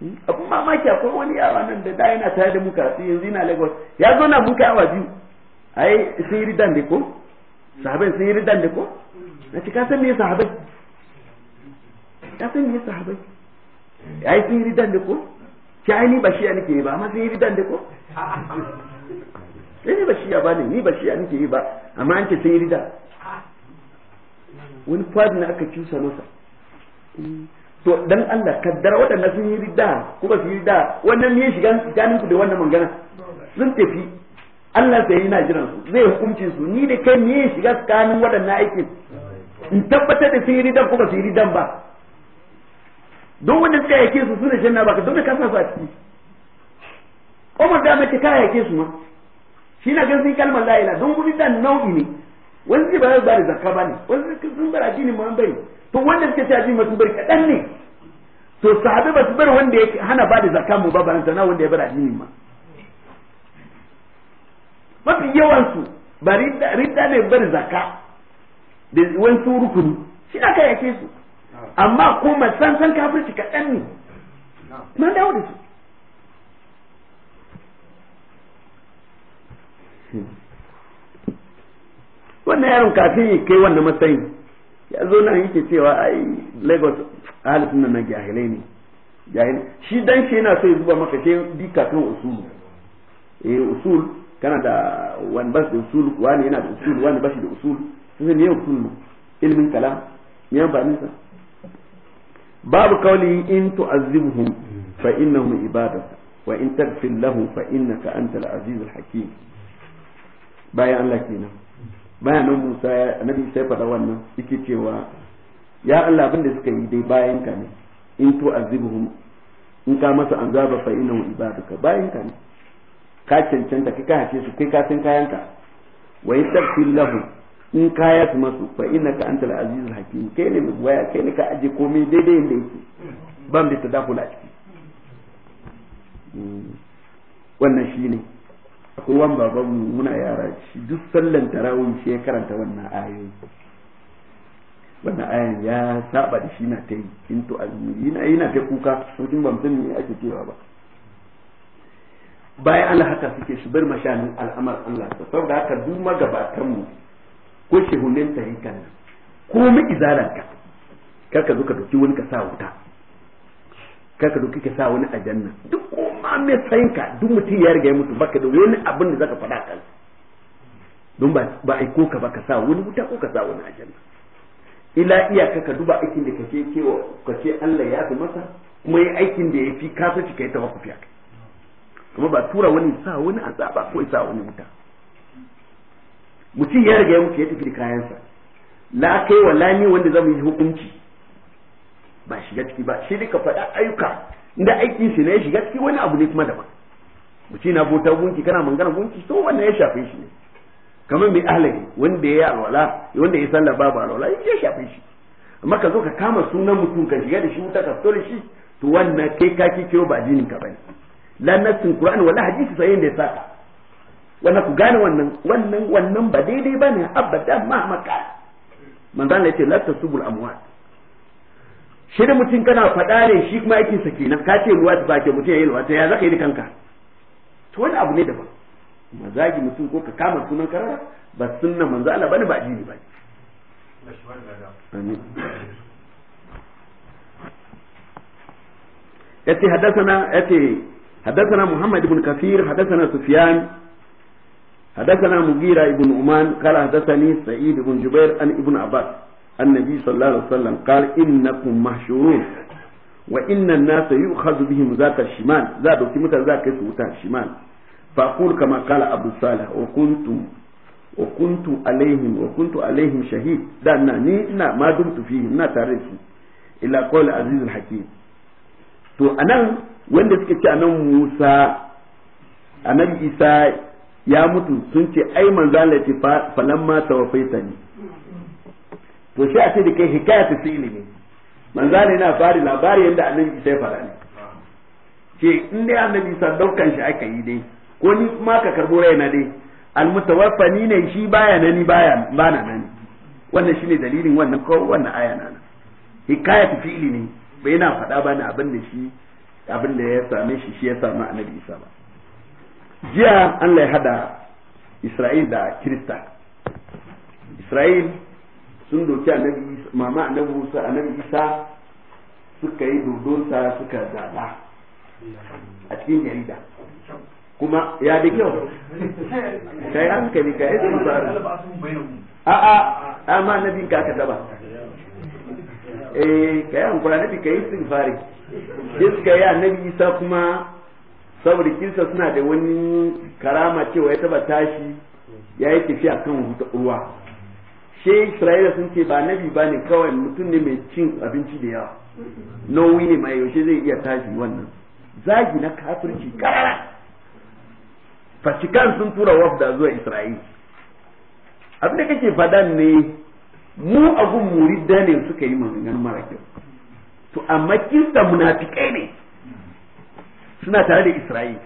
hmm, abun mamaki akwai wani yawa nan da da yana tare da mu karatu yanzu yana lagos ya zo na muka awa biyu ai sun yi riddan da ko sahabai sun yi riddan da ko na ci ka san me sahabai ka san me sahabai ai sun yi ridan da ko ki ai ni bashiya nake yi ba amma sun yi dan da ko ni bashiya ba ne ni bashiya nake yi ba amma an ce sun yi rida wani fadi na aka cusa masa to dan Allah kaddara waɗanda sun yi rida ko ba su yi rida wannan ne shiga ganin ku da wannan magana sun tafi Allah sai yana jiran su zai hukuncin su ni da kai ne shiga tsakanin waɗannan aikin in tabbatar da sun yi ridan ko ba su yi ba don wanda suka yake su su ne janna baka don me ka sa su a ciki Umar da mace ka yake su ma shi na gan sun kalmar la ilaha don gudu da nau'i ne wani zai bayar ba da zakka ba ne wani sun bar addini ma bai to wanda suka ce addini masu bari kaɗan ne to sahabi ba su bar wanda ya hana ba da zakka mu ba ba sana wanda ya bar addini ma mafi yawansu ba ridda ne bar zakka da wani rukuni shi na kai yake su amma kuma san san kafirci kaɗan ne na dawo da su wannan yaron kafin ya kai wannan matsayin ya zo nan yake cewa ai lagos halittun nan na jahilai ne jahilai shi dan shi yana so ya zuba maka shi bi kafin usul eh usul kana da wani bas da usul wani yana da usul wani bashi da usul sai ne usul ilimin kalam ya ba nisa babu kauli in tu'azzibhum fa innahum ibadak wa in taghfir lahum fa innaka antal azizul hakim bayan Allah kenan bayan nan Musa annabi sai fada wannan yake cewa ya Allah abin da suka yi dai bayan ka ne in tu'azzibhum in ka masa azaba fa innahum ka bayan ka ne ka cancanta kai ka hace su kai ka san kayan ka wa in taghfir lahum in kaya su masu fa ina ka antal azizul hakim kai ne mai waya kai ne ka aje komai daidai inda yake ban da tadakula a ciki hmm. wannan shi ne akwai wani baban muna yara shi duk sallan tarawun shi ya karanta wannan ayoyi wannan ayan ya saba da shi na ta yi in to azumi yana yana ta kuka mutum ban san me ake cewa ba bayan Allah haka suke su bar mashanin al'amar Allah saboda haka duk magabatan mu ko shehunin tarikan nan ko mi'izaran ka karka ka zo ka doki wani ka sa wuta karka ka ka sa wani a duk ko ma mai sayin ka duk mutum ya riga ya mutu baka da wani abin da zaka faɗa kan don ba ba ai ko ka ba sa wani wuta ko ka sa wani a ila iya ka duba aikin da kake kewa ce Allah ya fi masa kuma yi aikin da ya fi kasa shi kai ta wakufiya kuma ba tura wani sa wani azaba ko sa wani wuta mutum ya riga ya mutu ya tafi da kayansa la kai wa lami wanda zamu yi hukunci ba shiga ciki ba shi duka faɗa ayyuka inda aikin shi ne ya shiga ciki wani abu ne kuma daban mutum na bota gunki kana mangana gunki to wannan ya shafe shi ne kamar mai ahlari wanda ya yi alwala wanda ya sallah babu alwala ya shafe shi amma ka zo ka kama sunan mutum ka shiga da shi wuta ka fito da shi to wannan kai ka kiro ba jinin ka bane la nasin qur'ani wala hadisi sai da ya saka wannan ku gane wannan wannan wannan ba daidai bane abadan ma maka manzo Allah yace la tasubul amwat shi da mutum kana faɗa ne shi kuma yake sake nan ka ce ruwa ba ke mutum yayi ruwa ta ya zaka yi kanka to wani abu ne daban mazaji mutum ko ka kama sunan karara ba sunna manzo Allah bane ba addini ba amin yace haddathana yace حدثنا محمد بن كثير حدثنا سفيان حدثنا مغيرة بن عمان قال حدثني سعيد بن جبير عن ابن عباس النبي صلى الله عليه وسلم قال إنكم محشورون وإن الناس يؤخذ بهم ذات الشمال ذات كمتا ذاك سوتا الشمال فأقول كما قال أبو صالح وكنت وكنت عليهم وكنت عليهم شهيد ده أنا ما دمت فيهم نا تعرف إلا قول عزيز الحكيم تو أنا وين تكتي أنا موسى أنا إيسا ya mutu sun ce ai manzo Allah ce ma tawaffaita ni to shi a ce da kai hikaya ta fili ne manzan Allah yana fari labari yanda annabi sai fara ne ce in dai annabi sa daukan shi aka yi dai ko ni kuma ka karbo raina dai ni ne shi baya nani baya bana nani wannan shine dalilin wannan ko wannan aya na hikaya ta fili ne bai na faɗa bani abin da shi abin da ya same shi shi ya samu annabi isa ba jiya an ya hada Isra'il da Kirista Isra'il sun doki annabi mama annabi Musa annabi Isa suka yi dodonsa suka zaba a cikin jarida kuma ya da kyau kai hankali ka yi sun a a'a amma annabin ka ka zaba eh kai hankula annabi ka yi sun fara sai suka yi annabi Isa kuma saboda kirsa suna da wani karama cewa ya taba tashi ya yi tafiya kan ruwa she isra'ila sun ce ba nabi ba ne kawai mutum ne mai cin abinci da yawa nauyi ne mai yaushe zai iya tashi wannan zagi na kafirci kara fasikan sun tura wafda zuwa isra'ila abin da kake fadan ne mu abun murida ne suka yi maganar mara kyau to amma kirsa munafikai ne suna tare da isra'il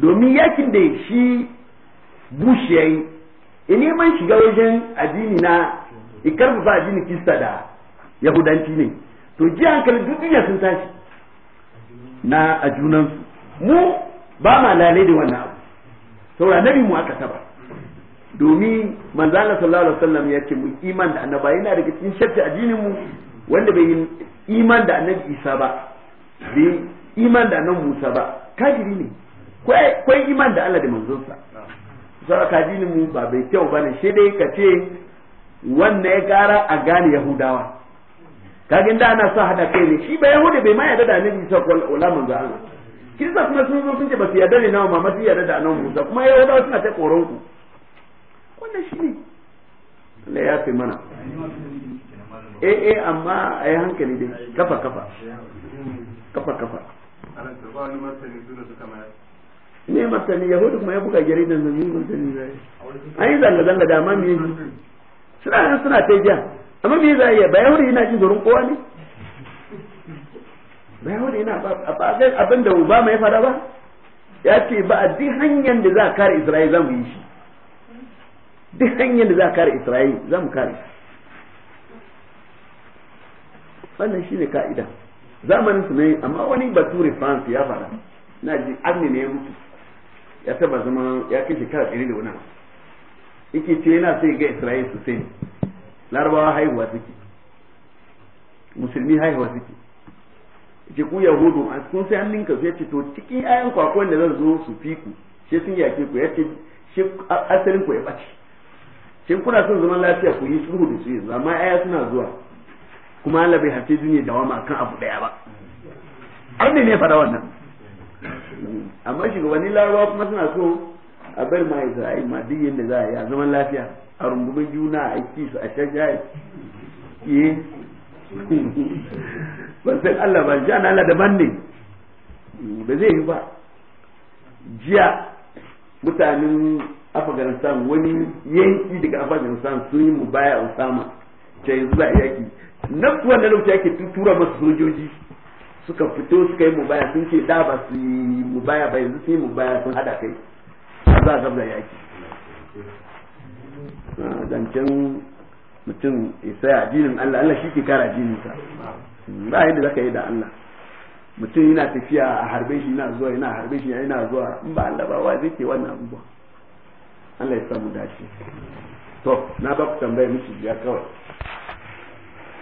domin yakin da shi bush ya yi in neman shiga wajen addini na ikarfafa ba addini kista da yahudanci ne to ji hankali duniya sun tashi na a junansu mu ba ma lalai da wannan abu saura nabi mu aka taba domin manzana sallallahu alaihi wasallam ya ce mu iman da annaba yana daga cikin shakka addinin mu wanda bai yi iman da annabi isa ba bai iman da nan Musa ba kajiri ne kwai iman da Allah da manzonsa sai ka ji mu ba bai kyau bane shi dai ka ce ya gara a gane Yahudawa kagin da ana sa hada kai ne shi ba Yahudi bai ma yarda da Annabi Isa ko wala manzo Allah kirista kuma sun zo sun ce ba su yarda ne na mama su yarda da nan Musa kuma Yahudawa suna ta koron ku wannan shi ne Allah ya fi mana eh eh amma a hankali dai kafa kafa kafa kafa ne martani yahudu kuma ya buga jaridar da ne martani zai an yi zanga-zanga da amma me suna nan suna ta jiya amma me za a yi ba yahudu yana jin tsoron kowa ne ba yahudu yana abin da obama ya fada ba ya ce ba a duk hanyar da za a kare isra'il za mu yi shi duk hanyar da za a kare isra'il za mu kare wannan shi ne ka'ida zamanin su ne amma wani bature france ya fara na ji an ne ya mutu ya taba zama ya kai shekara ɗari da wani yake ce yana sai ga isra'il su sai larabawa haihuwa suke musulmi haihuwa suke ce ku yahudu a cikin sai an linka su ya ce to cikin ayan kwakwan da zan zo su fi ku sai sun yake ku ya ce shi asalin ku ya ɓace shi kuna son zaman lafiya ku yi sulhu da su yanzu amma aya suna zuwa kuma Allah bai hace duniya dawama kan abu daya ba arne ne fara wannan amma shugabannin larabawa kuma suna so a bar ma Isra'il ma duk yadda za a yi a zaman lafiya a rungumin juna a aiki su a shashaye eh ba sai Allah ba jana Allah daban ne ba zai yi ba jiya mutanen afganistan wani yanki daga afganistan sun yi mu baya usama ce yanzu za a yaki nan na lokaci ake tura masu sojoji suka fito suka yi mubaya sun ce da ba su yi mubaya ba yanzu sun yi mubaya sun hada kai za a gabda yaki ah, zancen mutum isa jinin Allah Allah shi ke kara jininsa ba yadda ka yi da Allah mutum yana tafiya a harbe shi yana zuwa yana harbe shi yana zuwa in ba Allah ba wa zai ke wannan abubuwa Allah ya samu dace to na ba ku tambaya miki biya kawai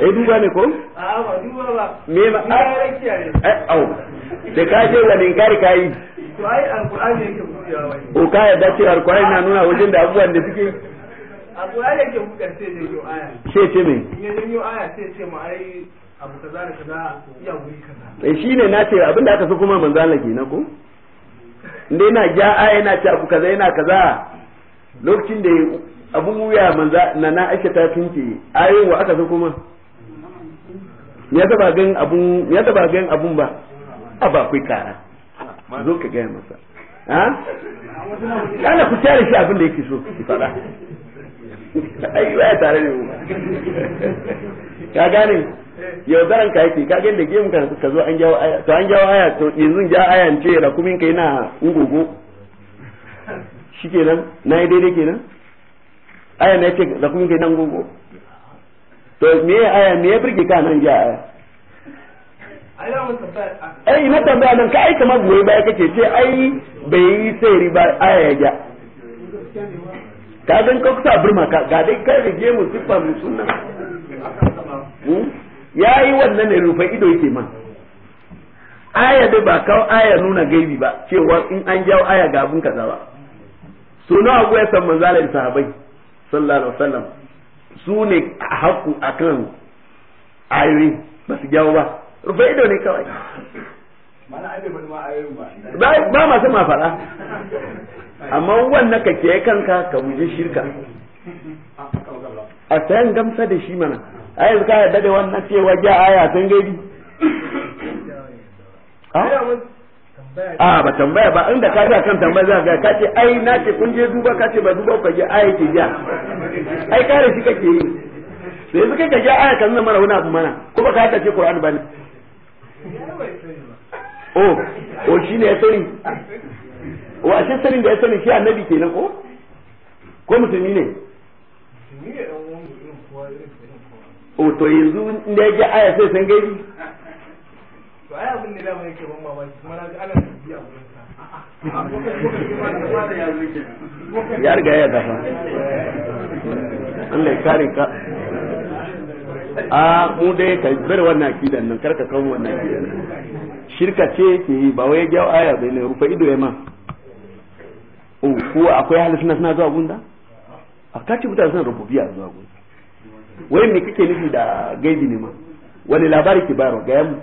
eh duba ne ko a ba duba ba me ba ai eh, au da ka je da linkari kai to ai alqur'ani yake buɗewa wai ko ka yarda cewa alqur'ani na nuna wajen da abubuwan da suke alqur'ani yake buɗe sai da yau aya sai ce me ne yau aya ce ce ma ai abu kaza da kaza ya wuri kaza eh shine na ce abinda aka so kuma manzo Allah kenan ko inda yana ja aya yana ce abu kaza yana kaza lokacin da abun wuya manza na na aisha ta tinke ayoyin wa aka kuma ya taba gan abun ya taba abun ba a ba kai kara zo ka gaya masa ha kana ku tare shi abin da yake so ki fada ai ba tare ne ka gane yaudaran ka yake ka gane da gemu kan ka zo an jawo aya to an jawo aya to yanzu ja aya ce rakumin kai na ungogo shikenan nayi daidai kenan aya ne ce da ke nan gogo to me aya me ya birge ka nan ja aya ai na tambaya nan kai kamar goyi baya kake ce ai bai yi sai riba aya ya ja ka san ka kusa burma ka ga dai kai rige mu sifa mu sunna hmm? yi wannan ne rufe ido yake ma aya da ba kawo aya nuna gaibi ba cewa in an jawo aya ga abun kaza ba so nawa goya san manzalar sahabai sallallahu alaihi wasallam su ne haku akan ayoyi ba su jawo ba rufe ido ne kawai ba ma ma fara amma wannan ka ke kanka ka guje shirka a sayan gamsa da shi mana a yanzu ka yarda da wannan cewa ja aya sun gaibi a ba tambaya ba inda ka ga kan tambaya za ka ka ce ai na ce kun je duba ka ce ba duba ku je ai ke ja ai kare shi kake yi sai suka ka ga aya kan mara wani abu mana ba ka ta ce qur'ani ba ne oh oh ne ya sani wa shi sanin da ya sani shi annabi kenan ko ko musulmi ne o to yanzu inda ya ji aya sai san gaibi to ai abin da dama yake ban mamaki kuma na ga ana tafiya a ya riga ya dafa Allah ya kare ka a mu dai ka bar wannan akidan nan karka kan wannan akidan shirka ce yake yi ba wai jawo aya bai ne rufe ido ya ma oh, ko akwai halin suna suna zuwa gunda a kace mutane suna rububiya zuwa gunda wai me kake nufi da gaibi ne ma wani labari ke bayarwa ga yamu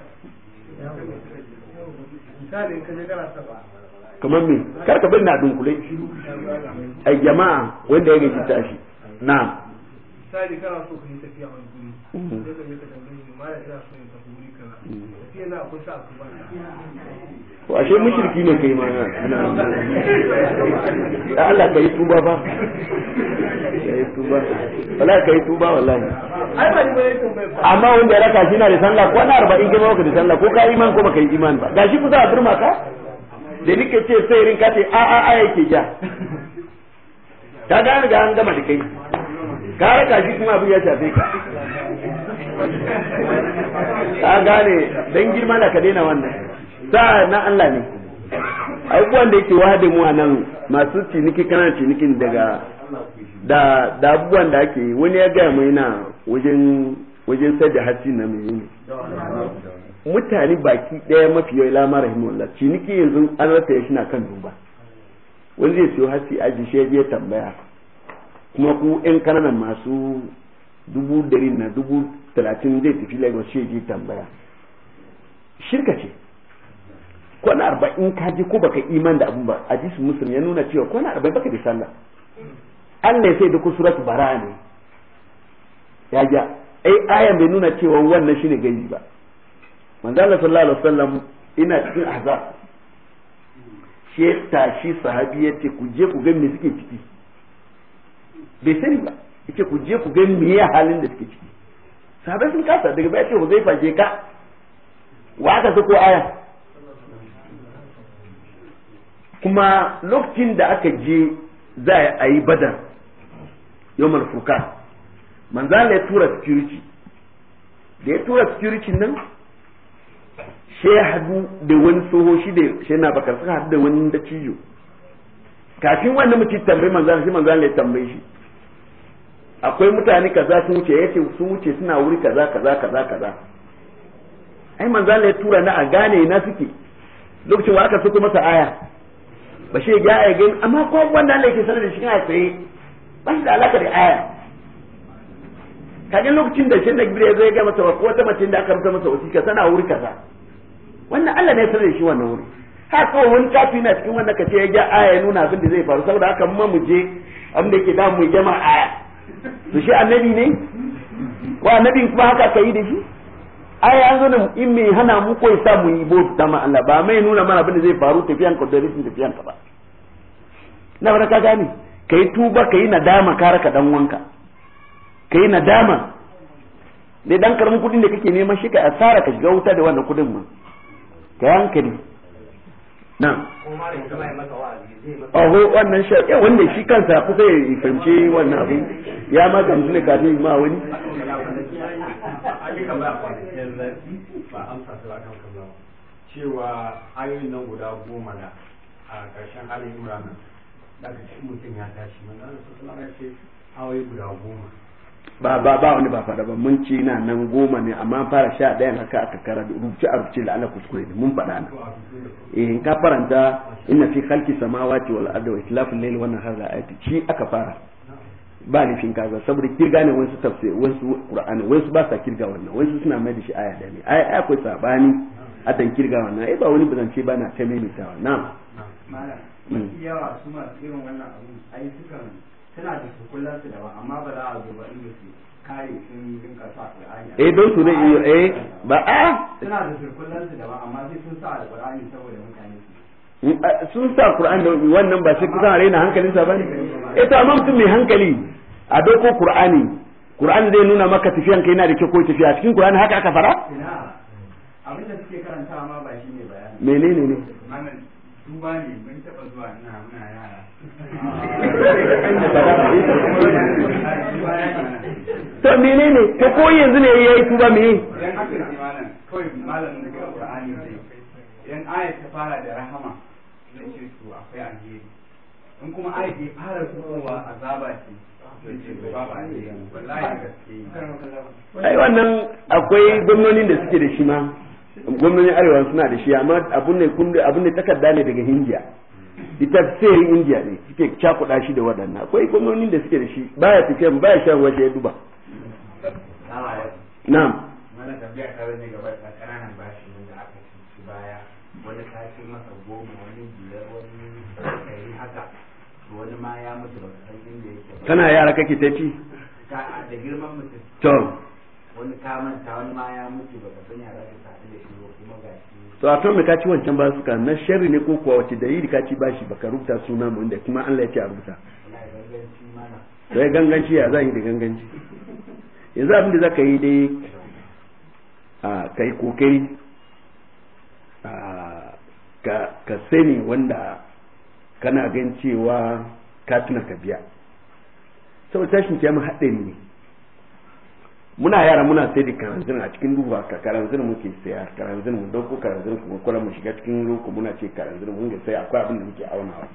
kamar me karka ka na dunkule a jama'a wanda ya gaji tashi na misali yi tafiya mm. na sa to ashe mushriki ne kai ma ana Allah kai tuba ba kai tuba wallahi kai tuba wallahi amma wanda ya raka shi na da sallah ko na arba'in gaba ka da sallah ko ka iman ko baka yi iman ba gashi kusa a turma ka da nike ce sai rin ka ce a a a yake ja ta ga riga an gama da kai ka raka shi kuma abin ya shafe ka ka gane dan girma da ka daina wannan sa'a na Allah ne abubuwan da yake wahade mu nan masu ciniki kana cinikin daga da da abubuwan da ake wani ya gaya mai na wajen wajen sai da hatsi na mai yi mutane baki daya mafi yau lamar rahimullah ciniki yanzu an rasa ya shina kan duba wani zai siyo hatsi aji shi ya tambaya kuma ku yan kananan masu dubu dari na dubu talatin zai tafi lagos shi ya tambaya shirka ce kwana arba'in ka ji ko baka iman da abun ba a jisun musulmi ya nuna cewa kwana arba'in baka da sallah Allah ya sai da ku bara ne ya ga ai ayan bai nuna cewa wannan shine gani ba manzo Allah sallallahu alaihi wasallam ina cikin azab shi tashi sahabi yace ku je ku ga me suke ciki bai sani ba yace ku je ku ga me ya halin da suke ciki sahabai sun kasa daga baya ce zai fage ka wa aka ko aya kuma lokacin da aka je za a yi badar yawmal furkan manzala ya tura security da ya tura security nan shi ya hadu da wani tsoho shi da shi na bakar suka hadu da wani da cijo kafin wanda mutum tambayi manzala shi manzala ya tambayi shi akwai mutane kaza sun wuce ya ce sun wuce suna wuri kaza kaza kaza kaza ai manzala ya tura na a gane na suke lokacin wa aka sako masa aya ba shi ya ya gani amma ko wanda Allah yake sanar da shi kana tsaye ba shi da alaka da aya kaje lokacin da shi da gibir ya zo ga masa ko wata mace da aka rubuta masa wasiƙa sana wuri kaza wannan Allah ne ya sanar da shi wannan wuri har ko wani kafi na cikin wannan kace ya ga aya ya nuna abin da zai faru saboda haka mun mu je abin da yake da mu jama'a to shi annabi ne wa annabin kuma haka kai da shi ai an zo da in me hana mu ko sa mu yi bauta ma Allah ba mai nuna mana abin da zai faru tafiyan ka da rishin tafiyan ka ba na ba ka gani kai tuba kai nadama ka raka dan wanka kai dama, ne dan karamin kudin da kake neman shi ka asara ka shiga wuta da wannan kudin ma ka hankali na aho wannan shi eh wanda shi kansa kusa ya fahimci wannan abin ya ma gamsu ne kafin ma wani cewa ayoyin nan guda goma na a ƙarshen halin imran da ka ce mutum ya tashi manzon su suna ce ayoyi guda goma ba ba ba wani ba faɗa ba mun ci na nan goma ne amma fara sha ɗayan haka aka kara rubuce a rubuce da ala kuskure ne mun faɗa na eh in ka faranta inna fi khalqi samawati wal ardi wa ikhtilafil layli wan nahari ayati shi aka fara ba ni fin kaza saboda kirga ne wasu tafsir wasu qur'ani wasu ba sa kirga wannan wasu suna mai da shi aya da ne aya akwai sabani atan kirga wannan ai ba wani bazance ba na ta maimaitawa na malam mafi yawa su masu irin wannan abu ai sukan suna da kullansu da ba amma ba za a zo ba inda su kare sun rinka sa Qur'ani eh don su ne eh ba a suna da kullansu da ba amma sai sun sa Qur'ani saboda mutane mm, sun sa Qur'an da wannan ba sai kusan raina hankalinsa sa ne eh to amma mutum mai hankali a doko Qur'ani Qur'an zai nuna maka tafiyan kai yana da kyau ko tafiya cikin Qur'ani haka aka fara abin da suke karanta ma ba shi ne bayani menene ne Manan duba ne mun taɓa zuwa ina muna yara to menene ko ko yanzu ne yayi tuba me dan haka ne malam kawai malam da ke Qur'ani ne idan ayat ta fara da rahama zan ce to akwai alheri in kuma ayat ya fara fitowa azaba ce ai wannan akwai gwamnonin da suke da shi ma gwamnonin arewa suna da shi amma abun ne kun abun ne takarda ne daga India tafsirin India ne suke cakuɗa shi da waɗannan akwai gwamnonin da suke da shi baya tafiyan baya shan waje ya duba na'am mana tambaya ta ne gaba ta kananan bashi wanda aka ci baya wani kashi masa goma wani biyar wani ɗari haka wani ma ya mutu ba san inda yake kana yara kake tafi da girman mutum to wani kamanta wani ma ya mutu ba san yara to a to me ka ci wancan ba suka na sharri ne ko kuwa wace yi ka ci bashi baka rubuta suna mu inda kuma Allah ya ce a rubuta to ya ganganci ya za yi da ganganci yanzu abin da zaka yi dai a kai kokari a ka ka sani wanda kana gan cewa ka tuna ka biya saboda tashin kiyama haɗe ne muna yara muna sai da karanzin a cikin duhu haka karanzin muke saya karanzin mu dauko karanzin ku ko mu shiga cikin roko muna ce karanzin mun ga sai akwai abin da muke aunawa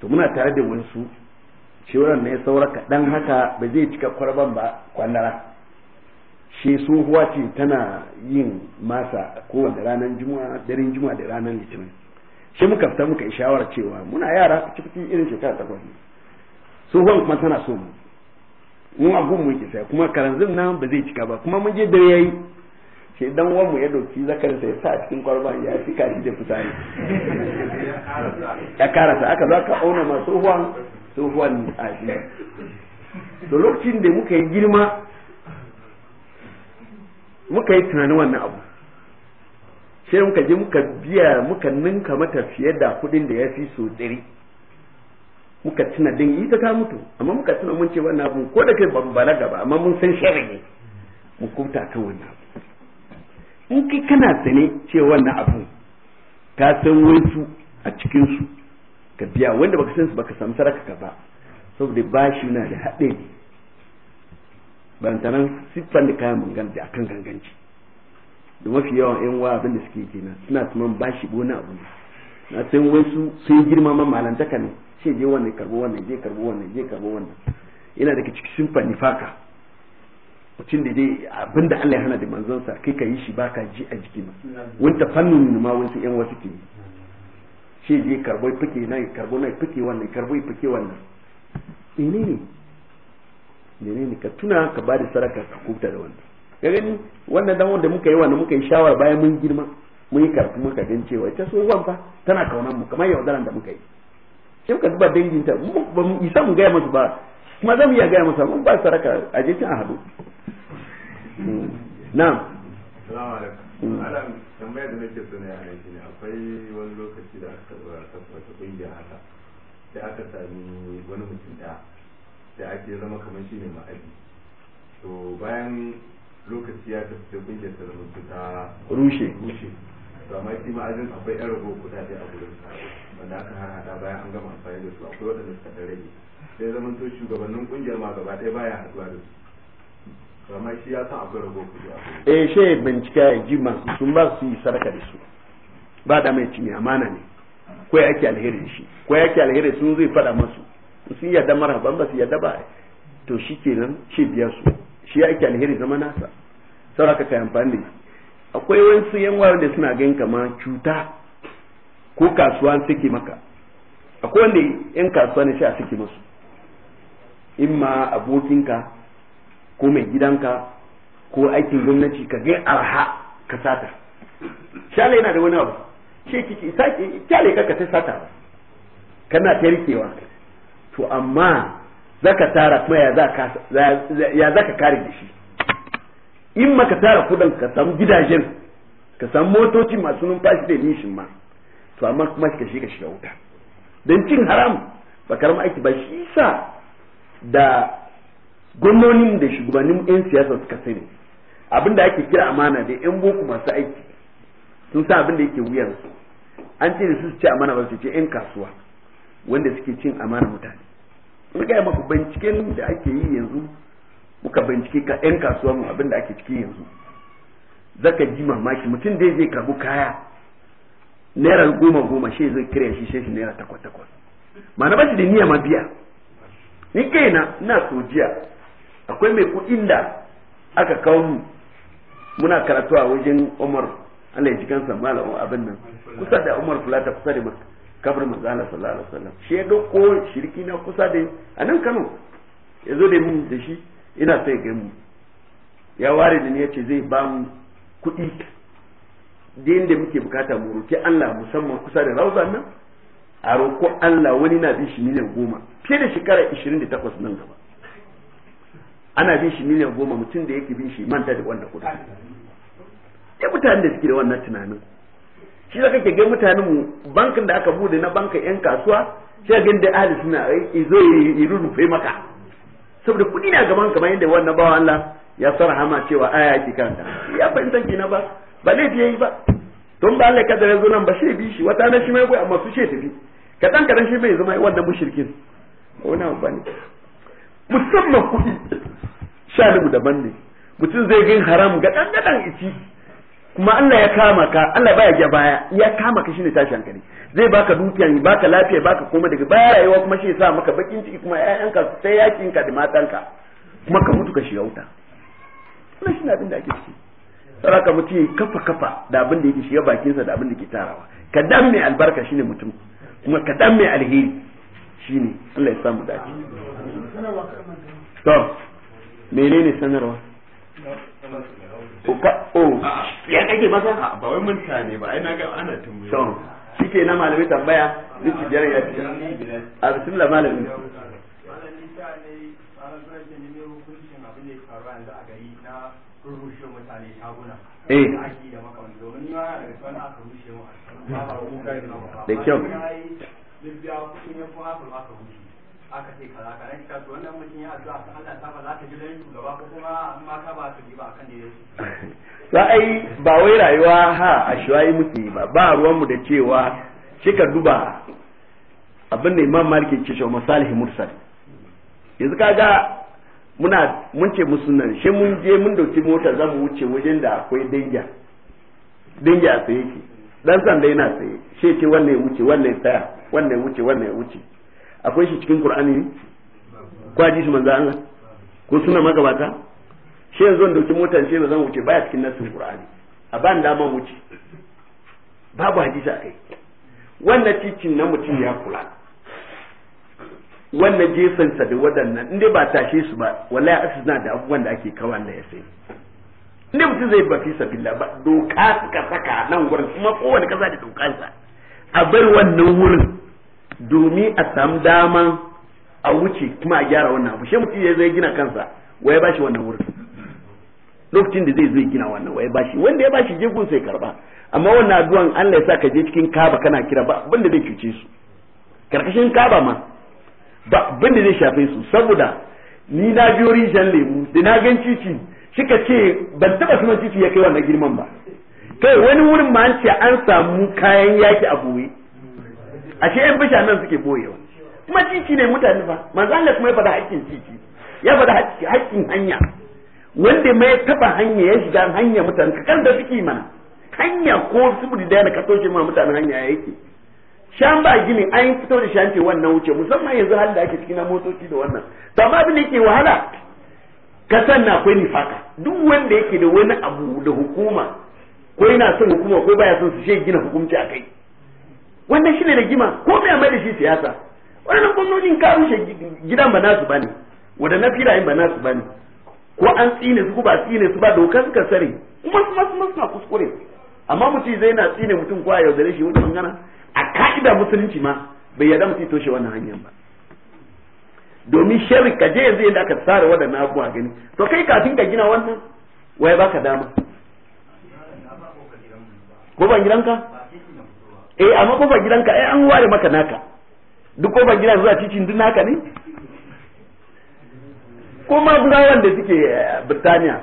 to muna tare da wansu ciwon ne saura kaɗan haka ba zai cika kwarban ba kwandara shi tsohuwa ce tana yin masa kowane ranar juma'a daren juma'a da ranar litinin shi muka fita muka yi shawara cewa muna yara ciki irin shekara takwas ne tsohuwan kuma tana so mu mu a gun muke kuma karanzin nan ba zai cika ba kuma mun je dare yayi shi dan wanmu ya dauki zakar sai sa cikin kwarba ya cika shi da fitani ya karasa aka za ka auna ma tsohuwan tsohuwan a shi da lokacin da muka yi girma muka yi tunanin wannan abu sai muka je muka biya muka ninka mata fiye da kuɗin da ya fi so dari. muka tuna din ita ta mutu amma muka tuna mun ce wannan abu ko da kai ban balaga ba amma mun san sharri ne mu kuta kan wannan abu in kai kana sane ce wannan abu ka san wansu a cikin su ka biya wanda baka san su baka samu saraka ka ba saboda bashi na da haɗe ne bantanan siffan da kayan magana da akan ganganci da mafi yawan yan wa abin da suke kenan suna tuman bashi gona abu ne na san wansu sun girma mamalantaka ne sai je wannan karbo wannan je karbo wannan je karbo wannan yana daga cikin sunfa nifaka mutum da dai abinda Allah ya hana da manzonsa kai ka yi shi baka ji a jiki ma wanta fannin ma wasu yan wasu ke shi je karbo fike nan karbo nan fike wannan karbo fike wannan ne ne ka tuna ka bada saraka ka kuta da wannan ka gani wannan dan wanda muka yi wannan muka yi shawara bayan mun girma mun yi karfi muka gan cewa ita so fa tana kaunan mu kamar yaudaran da muka yi yau ka duba danginta ba mu isa mu gaya musu ba kuma zamu iya gaya musu mun ba saraka a je can a haɗu hmm. na'am salamu alaikum hmm. alam tambayar da nake so ne a yanzu ne akwai wani lokaci da aka zo a tabbata kungiya haka da aka sami wani mutum da sai ake zama kamar shi ne ma'aji to bayan lokaci ya tafi da kungiyar ta zama ta rushe rushe to amma shi ma'ajin akwai yan rago kuɗaɗe a gurin wanda aka harhaɗa bayan an gama amfani da su akwai waɗanda suka ɗan rage sai zaman to shugabannin ƙungiyar ma gaba ɗaya baya haɗuwa da su to amma shi ya san akwai rago kuɗi a eh shi bincika ya ji masu sun ba su yi sadaka da su ba da mai cinye amana ne ko ya ake alheri da shi ko ya ake alheri sun zai faɗa masu sun yarda marhaban ba su yarda ba to shi kenan shi biya su shi ake alheri zama nasa sauraka kai amfani da akwai wasu yan da suna gan kama cuta ko kasuwa suke maka akwai wanda yan kasuwa ne sha suke masu in ma abokinka ko mai gidanka ko aikin gwamnati ka ga arha ka sata shale yana da wani abu ce kiki sake kyale ka ta sata kana ta rikewa to amma zaka tara kuma ya za ka kare da shi in maka tara kudin ka samu gidajen ka samu motoci masu numfashi da nishin ma to amma kuma ka shi ka shiga wuta don cin haram ba karama aiki ba shi sa da gwamnonin da shugabannin yan siyasa suka sani abin da ake kira amana da yan boko masu aiki sun sa abin da yake su an ce da su ci amana ba su ce yan kasuwa wanda suke cin amana mutane in ga maka binciken da ake yi yanzu muka bincike ka yan kasuwa mu abinda ake ciki yanzu zaka ji mamaki mutum dai zai karbu kaya naira goma goma shi zai kira shi shi naira takwas takwas ma'ana ba shi da niyya ma biya ni kaina ina so jiya akwai mai kuɗin da aka kawo mu muna karatu a wajen Umar Allah ya ji kansa malamin abin nan kusa da Umar Fulata kusa da kabar manzo sallallahu alaihi wasallam shi ya dauko shirki na kusa da a nan Kano ya zo da mun da shi ina sai ga mu ya ware da ni yace zai ba mu kuɗi din da muke bukata mu roki Allah musamman kusa da rauza nan a roko Allah wani na bin shi miliyan goma fiye da shekara 28 nan gaba ana bin shi miliyan goma mutum da yake bin shi manta da wannan kuɗi ya mutanen da suke da wannan tunanin shi da kake ga mutanen mu bankin da aka bude na bankin yan kasuwa sai ga da ahli suna izo ya rufe maka saboda kudi na gaban kamar yadda wannan bawa Allah ya sarha ma cewa aya yake kanta ya fahimta kina ba ba laifi yayi ba don ba Allah kada zo nan ba shi bi shi wata na shi mai koyi amma su ce tafi kadan kadan shi bai zama wannan mushrikin ko na ba ne musamman kudi shalibu daban ne mutum zai gin haram ga dan gadan ici kuma Allah ya kama ka Allah baya ja baya ya kama ka shine tashi hankali zai baka dukiya baka lafiya baka koma daga baya rayuwa kuma shi yasa maka bakin ciki kuma ƴaƴanka sai yakin ka da matanka kuma ka mutu ka shiga wuta wannan shi abin da ake ciki saraka mutum kafa kafa da abin da yake shiga bakinsa da abin da ke tarawa ka dan mai albarka shine mutum kuma ka dan mai alheri shine Allah ya samu dace to menene sanarwa o oh, ya kake masa ba wai mun tane ba ai na ga ana tambaye shike na malami tambaya zai ci biyar ya fita a bismillah malami eh. da kyau aka ce kaza kana shi to wannan mutum ya addu'a ta Allah ta ba za ta ji rayu shugaba ko kuma an ma ka ba su ji ba akan da yake a yi ba wai rayuwa ha a shiwayi muke ba ba ruwan mu da cewa ka duba abin da Imam Malik yake cewa masalihi mursal yanzu kaga muna mun ce musu nan shi mun je mun dauki mota za mu wuce wajen da akwai dangya dangya a tsaye ke dan sanda yana tsaye shi ce wannan ya wuce wannan ya tsaya wannan ya wuce wannan ya wuce akwai shi cikin qur'ani ne ko hadisi manzo Allah ko suna magabata shi yanzu wanda dauki motar shi zan wuce baya cikin nassin qur'ani a ban dama wuce babu hadisi akai wannan cikin na mutum ya kula wannan sa da waɗannan inda ba tashe su ba wallahi asis na da abubuwan da ake kawo Allah ya sai inda mutum zai bafi sabilla ba doka suka saka nan gurin kuma kowane kasa da dokansa a bar wannan wurin domin a samu dama a wuce kuma a gyara wannan abu shi mutum ya zai gina kansa waya bashi wannan wurin lokacin da zai zai gina wannan waya bashi wanda ya bashi je sai karba amma wannan addu'an Allah ya sa ka je cikin kaba kana kira ba abin da zai cuce su karkashin kaba ma ba abin da zai shafe su saboda ni na biyo rijiyar lemu da na gan cici ka ce ban taba sunan cici ya kai wannan girman ba kai wani wurin ma an ce an samu kayan yaki a boye ashe yan bisha nan suke boyewa kuma titi ne mutane fa manzo Allah kuma ya faɗa haƙƙin titi ya faɗa haƙƙin hanya wanda mai taba hanya ya shiga hanya mutane ka kan da suke mana hanya ko subudi da yana katoshe ma mutane hanya yake shan ba gini an fito da shan ce wannan wuce musamman yanzu hal da ake ciki na motoci da wannan to amma abin da yake wahala kasan na akwai nifaka duk wanda yake da wani abu da hukuma ko yana son hukuma ko baya son su shi gina hukunci a kai wannan shine rigima ko bai mai da shi siyasa wadannan gwamnonin ka rushe gidan ba nasu bane wadannan filayen ba nasu bane ko an tsine su ko ba tsine su ba dokar suka sare masu masu masu kuskure amma mutum zai na tsine mutum ko a yaudare shi wata bangana a ka'ida musulunci ma bai yarda mutum toshe wannan hanyar ba domin shirin ka je yanzu yadda aka tsara waɗannan abubuwa gani to kai kafin ka gina wannan waye baka dama ko ban gidanka eh amma gidan gidanka eh an ware maka naka duk kofar gidan zuwa cikin duk naka ne kuma ma burawan da suke eh, Birtaniya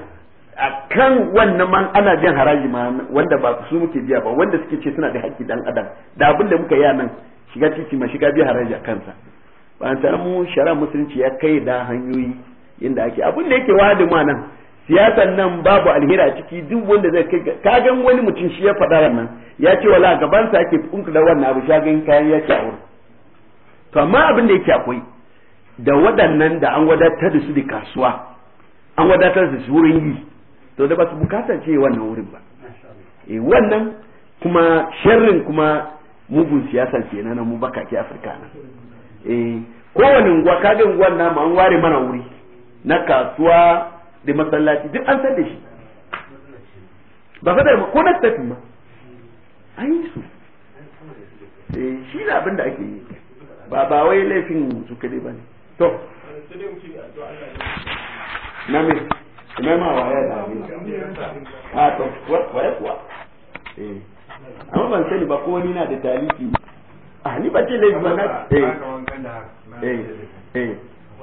a kan wannan man ana biyan haraji ma wanda ba su muke biya ba wanda suke ce suna da haƙƙi dan adam da abin da muka yi nan shiga titi ma shiga biya haraji a kansa ba an shara musulunci ya kai da hanyoyi yadda ake abun da yake wadi ma nan siyasan nan babu alheri a ciki duk wanda zai kai ka gan wani mutum shi ya faɗa nan ya ce wala gaban sa ake da wannan abu gan kayan ya a to amma abin da yake akwai da waɗannan da an wadatar da su da kasuwa an wadatar da su wurin yi to da ba su bukata ce wannan wurin ba e wannan kuma sharrin kuma mugun siyasa ke na mu baka ke afirka nan eh kowane unguwa kaga unguwan namu an ware mana wuri na kasuwa da masallaci duk an san da shi ba fa da ko na tafi ma an yi su eh shi ne abin da ake yi ba ba wai laifin su kade ba ne to na me na ma waya da ni ha to waya kuwa eh amma ban sani ba ko wani na da taliki ah ni ba ce laifi ba na eh eh, eh.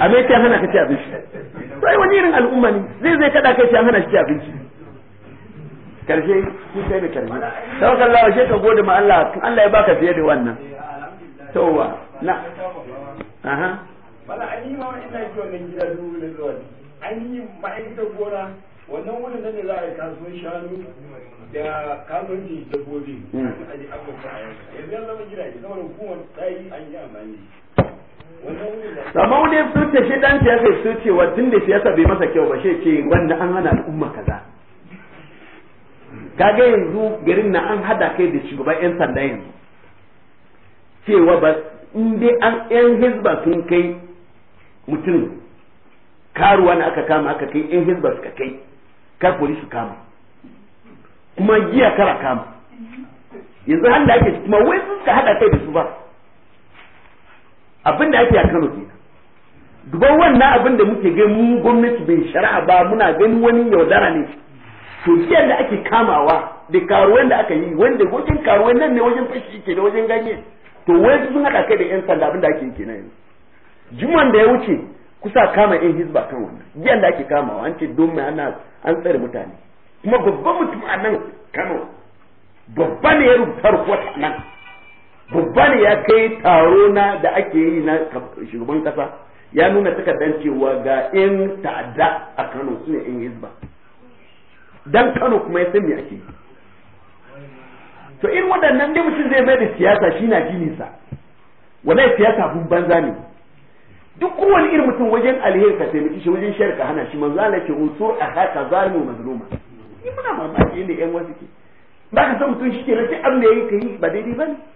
a me ya hana ka ci abinci sai wani irin al'umma ne zai zai kada kai ya hana shi ci abinci karshe shi sai da karshe sai kan lawa shi ka gode ma Allah tun Allah ya baka fiye da wannan towa na aha bala an yi ma ina ji wannan gida dubu da zuwa an yi ta gona wannan wurin da ne za a yi kasuwan shanu da kasuwanci dabbobi hmm. a yi abubuwa yanzu ya zama gidaje saboda hukumar ta yi an yi amfani amma wani ce shi dan yake su cewa tun da siyasa bai masa kyau ba shi ce wanda an hana al'umma kaza kaga yanzu garin na an hada kai da shugaban yan sanda yanzu cewa ba in dai an yan hizba sun kai mutum karuwa na aka kama aka kai yan hizba suka kai kar polisi su kama kuma giya kara kama yanzu Allah ake kuma wai suka hada kai da su ba abin da ake a Kano ke duban wannan abin da muke gani mu gwamnati bai shari'a ba muna ganin wani yaudara ne to jiya da ake kamawa da karuwan da aka yi wanda wajen karuwan nan ne wajen fashi ke da wajen ganye to wai sun haɗa kai da yan sanda abin da ake yi nan juman da ya wuce kusa kama yan hizba kan wannan jiya da ake kamawa an ce don mai ana an tsare mutane kuma babban mutum a nan Kano babba ne ya rubuta rubuta nan babban ya kai taro na da ake yi na shugaban kasa ya nuna takardar cewa ga in ta'adda a Kano su ne in hizba dan Kano kuma ya san me ake yi to in waɗannan ne mutum zai mai da siyasa shi na jini sa siyasa bun banza ne duk kowane irin mutum wajen alheri ka taimaki shi wajen shirka ka hana shi manzo Allah ke unsur ahaka zalimu mazluma ni muna mamaki ne yan wasu ke ba ka san mutum shi ke nan sai abin da yayi yi ba daidai ne